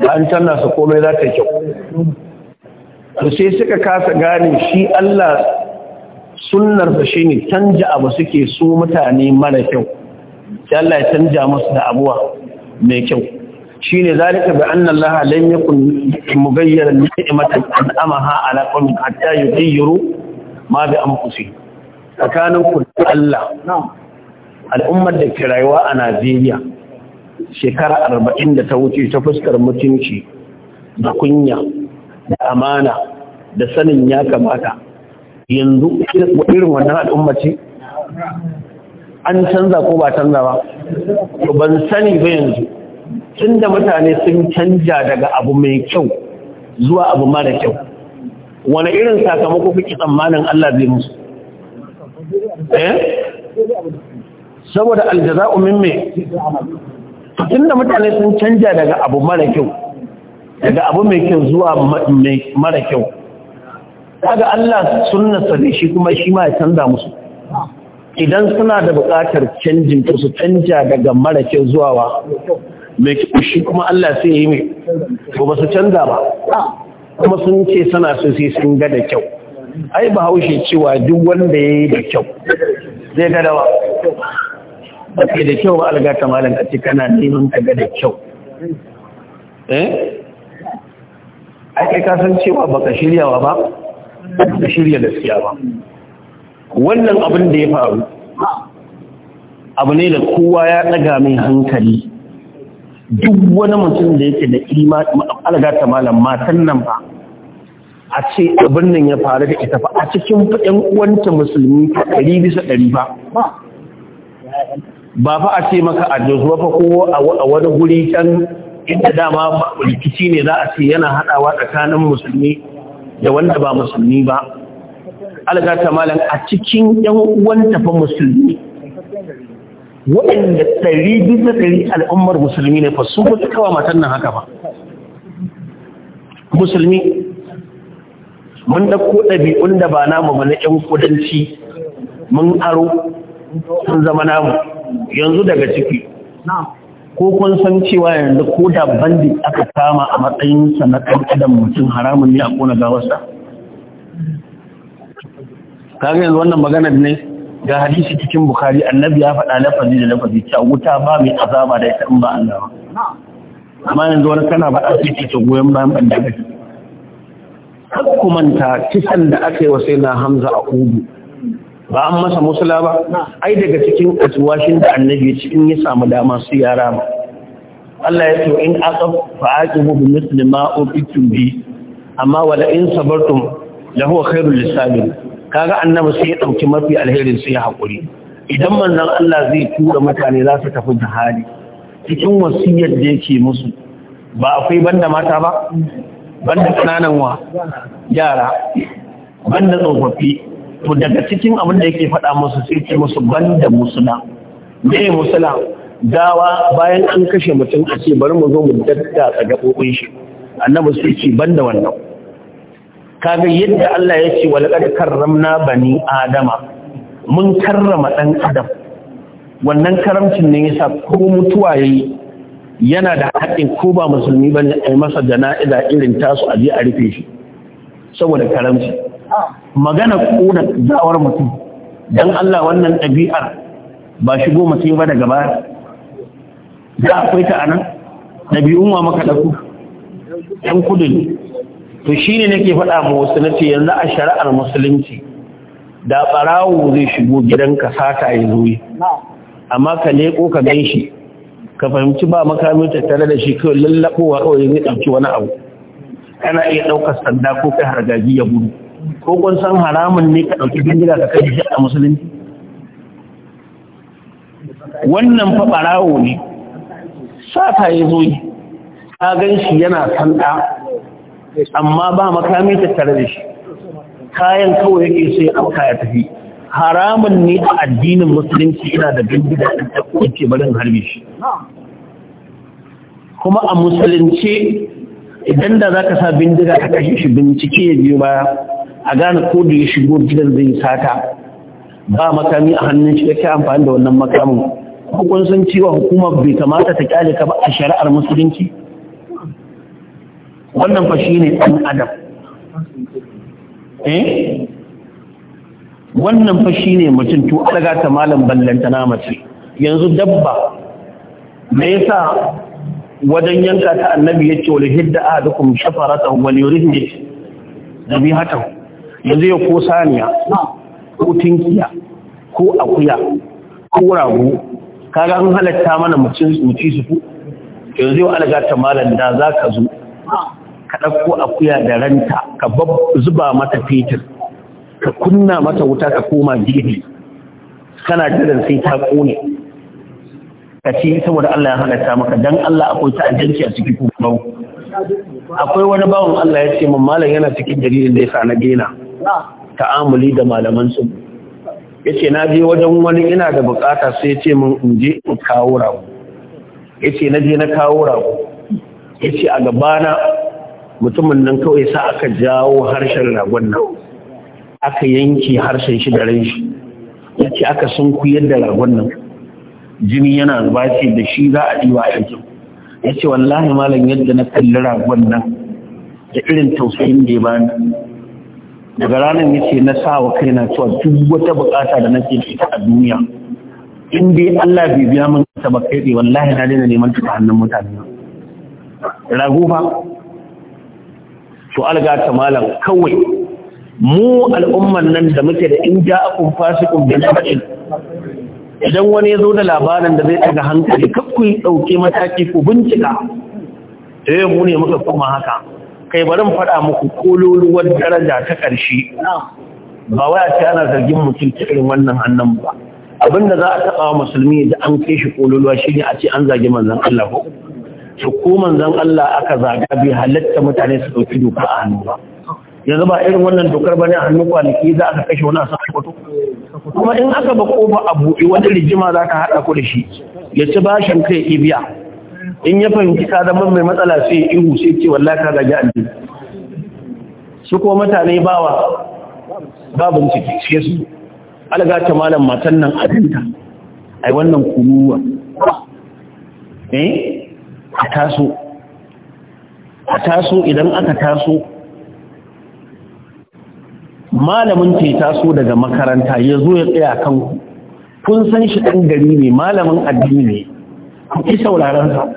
ba an canna su komai za ta yi kyau to sai suka kasa gane shi Allah da shi ne canja abu suke so mutane mara kyau shi Allah ya canja musu da abuwa mai kyau shi ne zalika bi anna Allah lam yakun mughayyiran ni'matan an'amaha ala qaumin hatta yughayyiru ma bi anfusihim tsakanin ku da Allah al'ummar da ke rayuwa a Najeriya shekara 40 da ta wuce ta fuskar mutunci da kunya da amana da sanin ya kamata yanzu irin wannan al'umma ce an canza ko ba canza ba to ban sani ba yanzu tunda mutane sun canja daga abu mai kyau zuwa abu mara kyau wani irin sakamako kuke tsammanin Allah zai musu eh saboda aljaza'u min tun da mutane sun canja daga abu mara kyau daga abu mai kyau zuwa mara kyau daga Allah suna ne shi kuma shi ma ya canza musu idan suna da bukatar canjin su canja daga mara kyau zuwa wa mai kyau shi kuma Allah sai yi mai to ba su canza ba kuma sun ce suna so sai sun ga da kyau ai ba haushe cewa duk wanda ya yi da kyau zai ga da ba ba da kyau ba algata malam a ce kana neman ka ga da kyau eh ake ka baka shiryawa ba da shirya gaskiya ba wannan abin da ya faru abu ne da kowa ya daga min hankali duk wani mutum da yake da alagata malam matan nan ba a ce abin nan ya faru da ita ba a cikin yan uwanta musulmi ɗari bisa ɗari ba ba fa a ce maka a jozuwa fa ko a wani guri can inda dama rikici ne za a ce yana haɗawa tsakanin musulmi da wanda ba musulmi ba algata malam a cikin yan uwan tafa musulmi waɗanda tsari bisa tsari al'ummar musulmi ne fa su kusa kawa matan nan haka ba musulmi mun da ko ɗabi'un da ba namu ba na ƴan kudanci mun aro sun zama namu yanzu daga ciki na'am ko kun san cewa yanzu ko da bandi aka kama a matsayinsa na ɗan adam mutum haramun ne a kona gawarsa kaga yanzu wannan maganar ne ga hadisi cikin bukari annabi ya faɗa lafazi da lafazi cewa wuta ba mai azaba da ita in ba Allah ba amma yanzu wani kana faɗa fiti ce goyon bayan bandit hakkumanta kisan da aka yi wa sai na hamza a ubu ba an masa musula ba ai daga cikin atuwashin da annabi ya in ya samu dama su yara ma Allah ya ce in aqab fa aqibu bi misli ma ubitum bi amma wala in sabartum lahu khairul lisabil kaga annabi sai ya dauki mafi alherin sai ya hakuri idan manzon Allah zai tura mutane za su tafi jihadi cikin wasiyar da yake musu ba akwai banda mata ba banda kananan wa yara banda tsofaffi to daga cikin abin da yake faɗa musu sai ce musu ban da musula me musula dawa bayan an kashe mutum a ce bari mu zo mu dadda a gaɓoɓin shi annabi sai ce ban da wannan kaga yadda Allah ya ce walaqad karramna bani adama mun karrama dan adam wannan karamcin ne yasa ko mutuwa yayi yana da haƙin ko ba musulmi bane a masa jana'iza irin tasu a je a rufe shi saboda karamci magana kuna gawar mutum dan Allah wannan ɗabi'ar ba shigo mutum ba daga baya da akwai ta anan ɗabi'un wa maka ɗauko ɗan kudu ne to shine nake faɗa ma wasu na ce yanzu a shari'ar musulunci da ɓarawo zai shigo gidanka sata ya zo yi amma ka leƙo ka gan shi ka fahimci ba makamin tattare da shi kawai lallaɓowa kawai zai ɗauki wani abu kana iya ɗaukar sanda ko kai hargaji ya gudu ko kun san haramun ne ka ɗauki bindiga ka kashe shi a musulunci wannan fa ɓarawo ne ta ya zo yi ka gan shi yana sanda amma ba makami tare da shi kayan kawai yake sai auka ya tafi haramun ne a addinin musulunci yana da bindiga da kuke barin harbi. shi kuma a musulunci idan da za ka sa bindiga ka kashe shi bincike ya biyo baya a gane ko da ya shigo gidan zai yi sata ba makami a hannun shi yake amfani da wannan makamin hukun sun cewa hukumar bai kamata ta kyale ka ba a shari'ar musulunci wannan fa shine dan adam eh wannan fa shine mutum to daga ta malam ballanta na mace yanzu dabba me yasa wajen yanka ta annabi ce wal hidda ahadukum shafaratan wal yurihdi dhabihatan yanzu ya ko saniya ko tinkiya ko akuya ko rago kaga an halatta mana mutum mutum su ku yanzu yau alaga ta malam da za ka zo ka ɗauko akuya da ranta ka zuba mata fetur ka kunna mata wuta ka koma gidi kana jiran sai ta ƙone ka ce saboda Allah ya halatta maka dan Allah akwai ta'addanci a cikin kuma akwai wani bawan Allah ya ce mun malam yana cikin dalilin da ya sa na daina ta'amuli da malaman su yace na je wajen wani ina da bukata sai yace mun in je in kawo rago yace na je na kawo rago yace a gabana mutumin nan kawai sa aka jawo harshen ragon nan aka yanke harshen shi da ran shi yace aka sunkuyar da ragon nan jini yana zuba da shi za a diwa Ya yace wallahi malam yadda na kalli ragon nan da irin tausayin da ya bani daga ranar ya na sa wa kaina cewa duk wata bukata da nake da ita a duniya in dai Allah bai biya min ta ba kai wallahi na daina neman ta hannun mutane rago fa to alga ta malam kawai mu al'umman nan da muke da in ja akun fasikun bi nabain idan wani ya zo da labarin da zai daga hankali kakku dauke mataki ku bincika eh mu ne muka kuma haka kai barin faɗa muku kololuwar daraja ta ƙarshe ba wai a ce ana zargin mutum ta irin wannan hannun ba abinda za a taɓa wa musulmi da an kai shi kololuwa shi ne a ce an zagi manzan Allah ko to ko manzan Allah aka zaga bai halatta mutane su ɗauki doka a hannu ba yanzu ba irin wannan dokar bane a hannun kwanaki za aka kashe wani a sakwato kuma in aka ba kofa a buɗe wani rigima za ta haɗa ku da shi ya ci bashin kai ibiya in ya fahimci ka zama mai matsala sai ya ihu sai ce wallahi ka zagi annabi su ko mutane bawa ba bincike sai su alga ta malam matan nan adinta ai wannan kunuwa eh a taso a taso idan aka taso malamin ke taso daga makaranta ya zo ya tsaya kan kun san shi ɗan gari ne malamin addini ne ku ki sauraron sa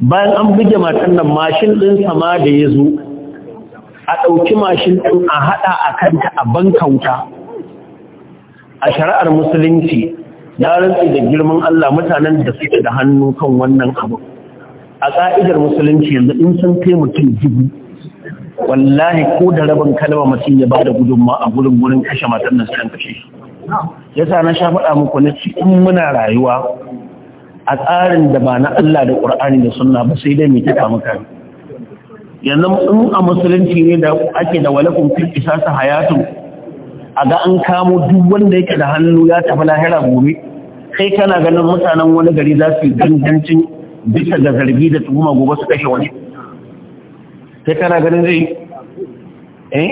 bayan an buge matan nan mashin ɗin sama da ya zo a ɗauki mashin ɗin a haɗa a kanta a bankauta a shari'ar musulunci na rantsi da girman Allah mutanen da suke da hannu kan wannan abu a ƙa'idar musulunci yanzu in sun kai mutum jibi wallahi ko da rabin kalma mutum ya bada gudunma a gurin gurin kashe matan nan sun kashe yasa na sha faɗa muku na ci in muna rayuwa a tsarin da ba na Allah da Ƙur'ani da sunna ba sai dai mai ta kama yanzu in a musulunci ne da ake da walakun isa su hayatu, a ga an kamo duk wanda yake da hannu ya tafi lahira gobe kai kana ganin mutanen wani gari za su yi gangancin bisa ga zargi da tuhuma gobe su kashe wani kai kana ganin zai eh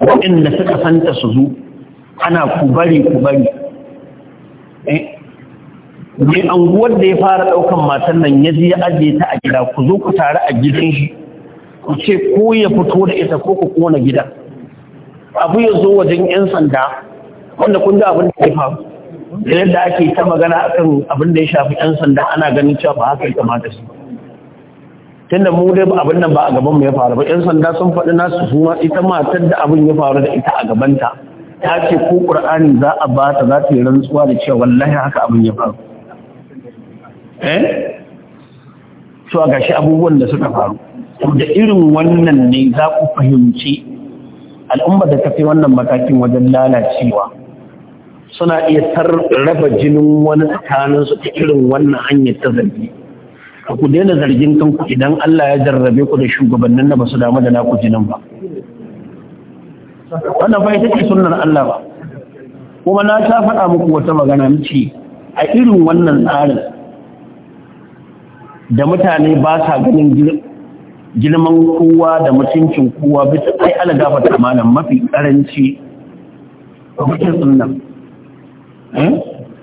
waɗanda suka santa su zo ana ku bari eh? mai anguwar da ya fara ɗaukan matan nan ya je ya ajiye ta a gida ku zo ku tare a gidan shi ku ce ko ya fito da ita ko ku kona gida abu ya zo wajen 'yan sanda wanda kun ga abin da ya faru da yadda ake ta magana akan abin da ya shafi 'yan sanda ana ganin cewa ba haka ya kamata su tunda mu dai abin nan ba a gaban mu ya faru ba 'yan sanda sun faɗi nasu su ma ita matar da abin ya faru da ita a gabanta ta ce ko ƙur'ani za a ba ta za ta yi rantsuwa da cewa wallahi haka abin ya faru eh to ga shi abubuwan da suka faru da irin wannan ne za ku fahimci al'umma da ta fi wannan matakin wajen lalacewa suna iya raba jinin wani tsakanin su ta irin wannan hanyar ta zargi ku daina zargin kanku idan Allah ya jarrabe ku da shugabannin da basu su damu da naku jinin ba wannan fa ita ce sunnar Allah ba kuma na ta faɗa muku wata magana mace a irin wannan tsarin da mutane ba sa ganin girman kowa da mutuncin kowa bisa ai ala ta malam mafi karanci mutum sunan eh?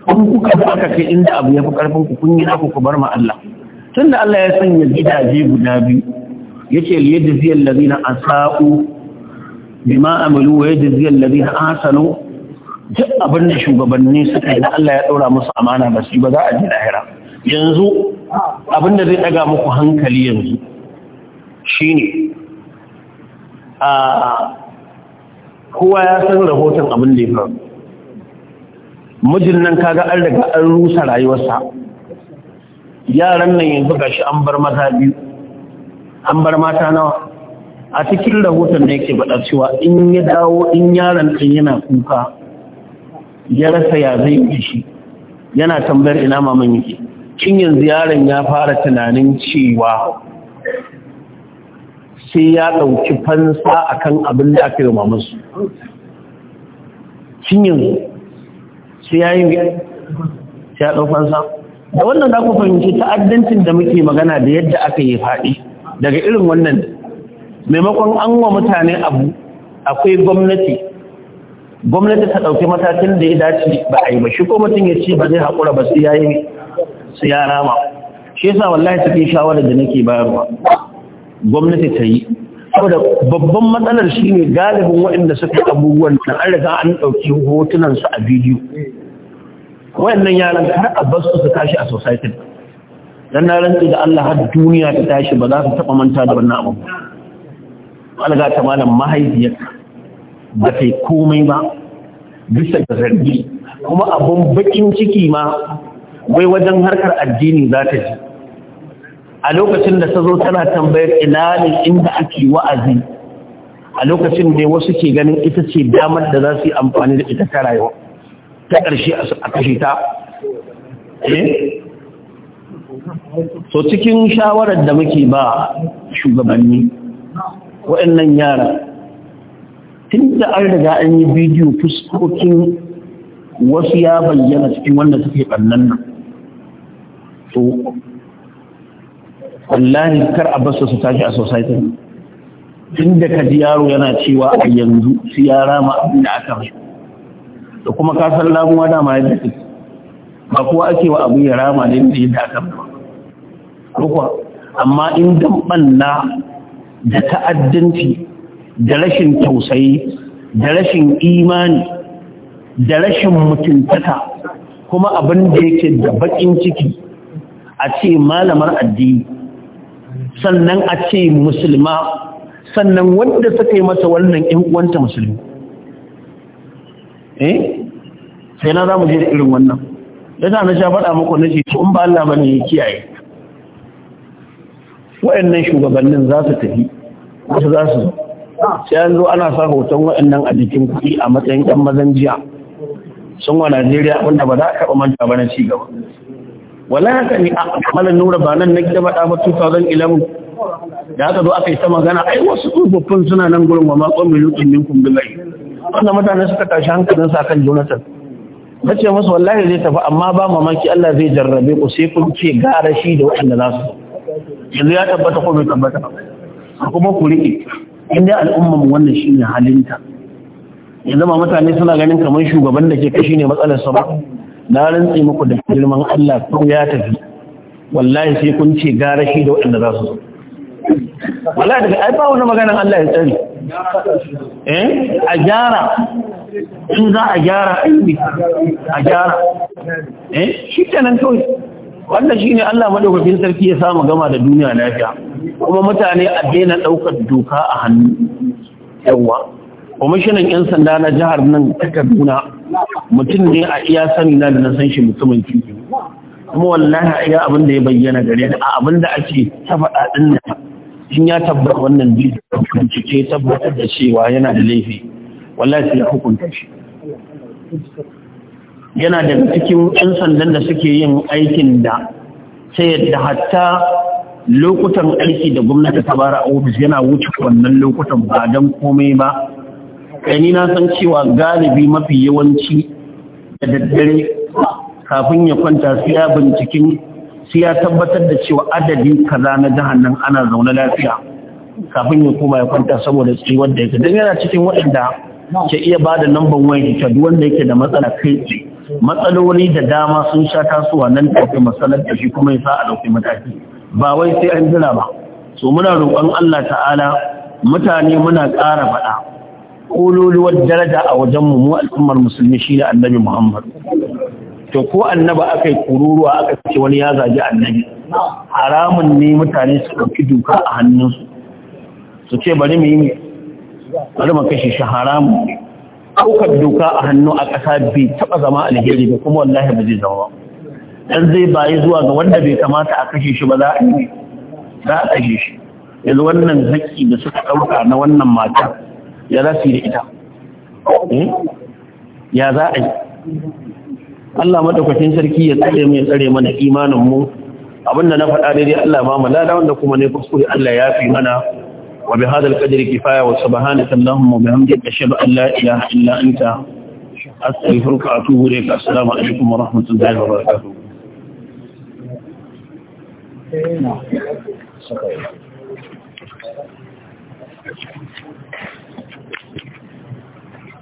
kun kuka da aka kai inda abu ya fi karfin ku kun yi na ku bar ma Allah tun da Allah ya sanya gidaje guda biyu yace li yajzi allazina asau bima amalu wa yajzi allazina ahsanu duk abin da shugabanni suka yi Allah ya daura musu amana ba su ba za a ji lahira yanzu abinda zai daga muku hankali yanzu shine a kowa ya san rahoton abin da ya faru mijin nan kaga an daga an rusa rayuwarsa yaran nan yanzu shi an bar maza biyu an bar mata nawa a cikin rahoton da yake bada cewa in ya dawo in yaron kan yana kuka ya rasa ya zai shi yana tambayar ina maman yake tun yanzu yaron ya fara tunanin cewa sai ya ɗauki fansa akan abin da aka yi mamansu tun yanzu sai ya yi ya ɗau fansa da wannan za ku fahimci ta'addancin da muke magana da yadda aka yi faɗi daga irin wannan maimakon an wa mutane abu akwai gwamnati gwamnati ta ɗauki matakin da ya dace ba a yi ba shi ko mutum ya ce ba zai haƙura ba sai ya yi sai ya rama shi yasa wallahi take shawarar da nake bayarwa gwamnati ta yi saboda babban matsalar shi ne galibin waɗanda suka abubuwan da an riga an ɗauki su a bidiyo wayannan yaran har a basu su tashi a society dan na rantsi da Allah har duniya ta tashi ba za su taba manta da wannan abu alga ta malam mahaifiyar ba ta komai ba bisa ga zargi kuma abun bakin ciki ma wai wajen harkar addini za ta ji a lokacin da ta zo tana tambayar ina ne inda ake wa'azi a lokacin da wasu ke ganin ita ce damar da za su yi amfani da ita ta rayuwa ta ƙarshe a kashe ta eh? so cikin shawarar da muke ba shugabanni Waɗannan yara tun da an riga an yi bidiyo fuskokin wasu ya bayyana cikin wanda suke ɓannan nan to wallahi kar a basu su tashi a society inda ka ji yaro yana cewa a yanzu su yara ma abin da aka mai da kuma ka san lamuwa dama yadda su ba kuwa ake wa abu ya rama ne da yadda aka ko kuwa amma in dan banna da ta'addanci da rashin tausayi da rashin imani da rashin mutuntaka kuma abin da yake da bakin ciki a ce malamar addini sannan a ce musulma sannan wanda suka yi mata wannan ‘yan uwanta musulmi eh sai na za mu je da irin wannan da ta na sha faɗa muku na ce in ba Allah bane ya kiyaye waɗannan shugabannin za su tafi wasu za su sai an zo ana sa hoton waɗannan a jikin kuɗi a matsayin ɗan mazan jiya sun wa Najeriya wanda ba za a taɓa manta ba na ci gaba wala haka ne a nura ba nan nake faɗa ba 2011 da aka zo aka yi ta magana ai wasu tsofaffin suna nan gurin wa makon milutun kun bilai wannan mutane suka tashi hankalin sa kan jonathan na ce musu wallahi zai tafi amma ba mamaki allah zai jarrabe ku sai kun ce gara shi da waɗanda za su yanzu ya tabbata ko bai tabbata ba kuma ku riƙe inda al'umman wannan shine halinta yanzu ma mutane suna ganin kamar shugaban da ke kashi ne matsalar sa ba na rantsi muku da girman Allah ko ya tafi wallahi sai kun ce gara shi da waɗanda za su zo, wallahi daga ai ba wani maganar Allah ya tsari eh a gyara in za a gyara aiki a gyara eh shi kenan to wannan shine Allah madaukakin sarki ya samu gama da duniya lafiya kuma mutane a daina daukar doka a hannu yawa kwamishinan 'yan sanda na jihar nan ta kaduna mutum ne a iya sani na da na san shi mutumin kiki kuma wallahi a iya abin da ya bayyana gare ni, a abin da ake ta faɗa ɗin da in ya tabbata wannan bincike tabbatar da cewa yana da laifi wallahi sai ya hukunta shi yana daga cikin 'yan sandan da suke yin aikin da sai yadda hatta lokutan aiki da gwamnati ta bara ofis yana wuce wannan lokutan ba don komai ba kai ni na san cewa galibi mafi yawanci da daddare kafin ya kwanta su ya binciken su ya tabbatar da cewa adadi kaza na jahannan ana zaune lafiya kafin ya koma ya kwanta saboda tsiwar da yake yana cikin waɗanda ke iya ba da namban wayan wanda yake da matsala kai matsaloli da dama sun sha tasowa nan da take matsalar da shi kuma ya sa a ɗauki mataki ba wai sai an jira ba so muna roƙon Allah ta'ala mutane muna ƙara faɗa kololuwar daraja a wajen mu al'ummar musulmi shine annabi Muhammad to ko annaba aka yi kururuwa aka ce wani ya zagi annabi haramun ne mutane su ɗauki duka a hannunsu su ce bari mu yi bari mu kashe shi haramun ne ɗaukar doka a hannu a ƙasa bai taɓa zama alheri ba kuma wallahi ba zai zama dan zai bayi zuwa ga wanda bai kamata a kashe shi ba za a yi za a kashe shi yanzu wannan haƙƙi da suka ɗauka na wannan mata ya za su yi da ita hmm? ya za a yi Allah madaukakin sarki ya tsare mu ya tsare mana imanin mu abinda na faɗa daidai Allah ba mu lada wanda kuma ne kuskure Allah ya fi mana wa bi hadal qadri kifaya wa subhanaka allahumma wa bihamdika ashhadu an la ilaha illa anta astaghfiruka wa atubu ilayk assalamu alaikum wa rahmatullahi wa barakatuh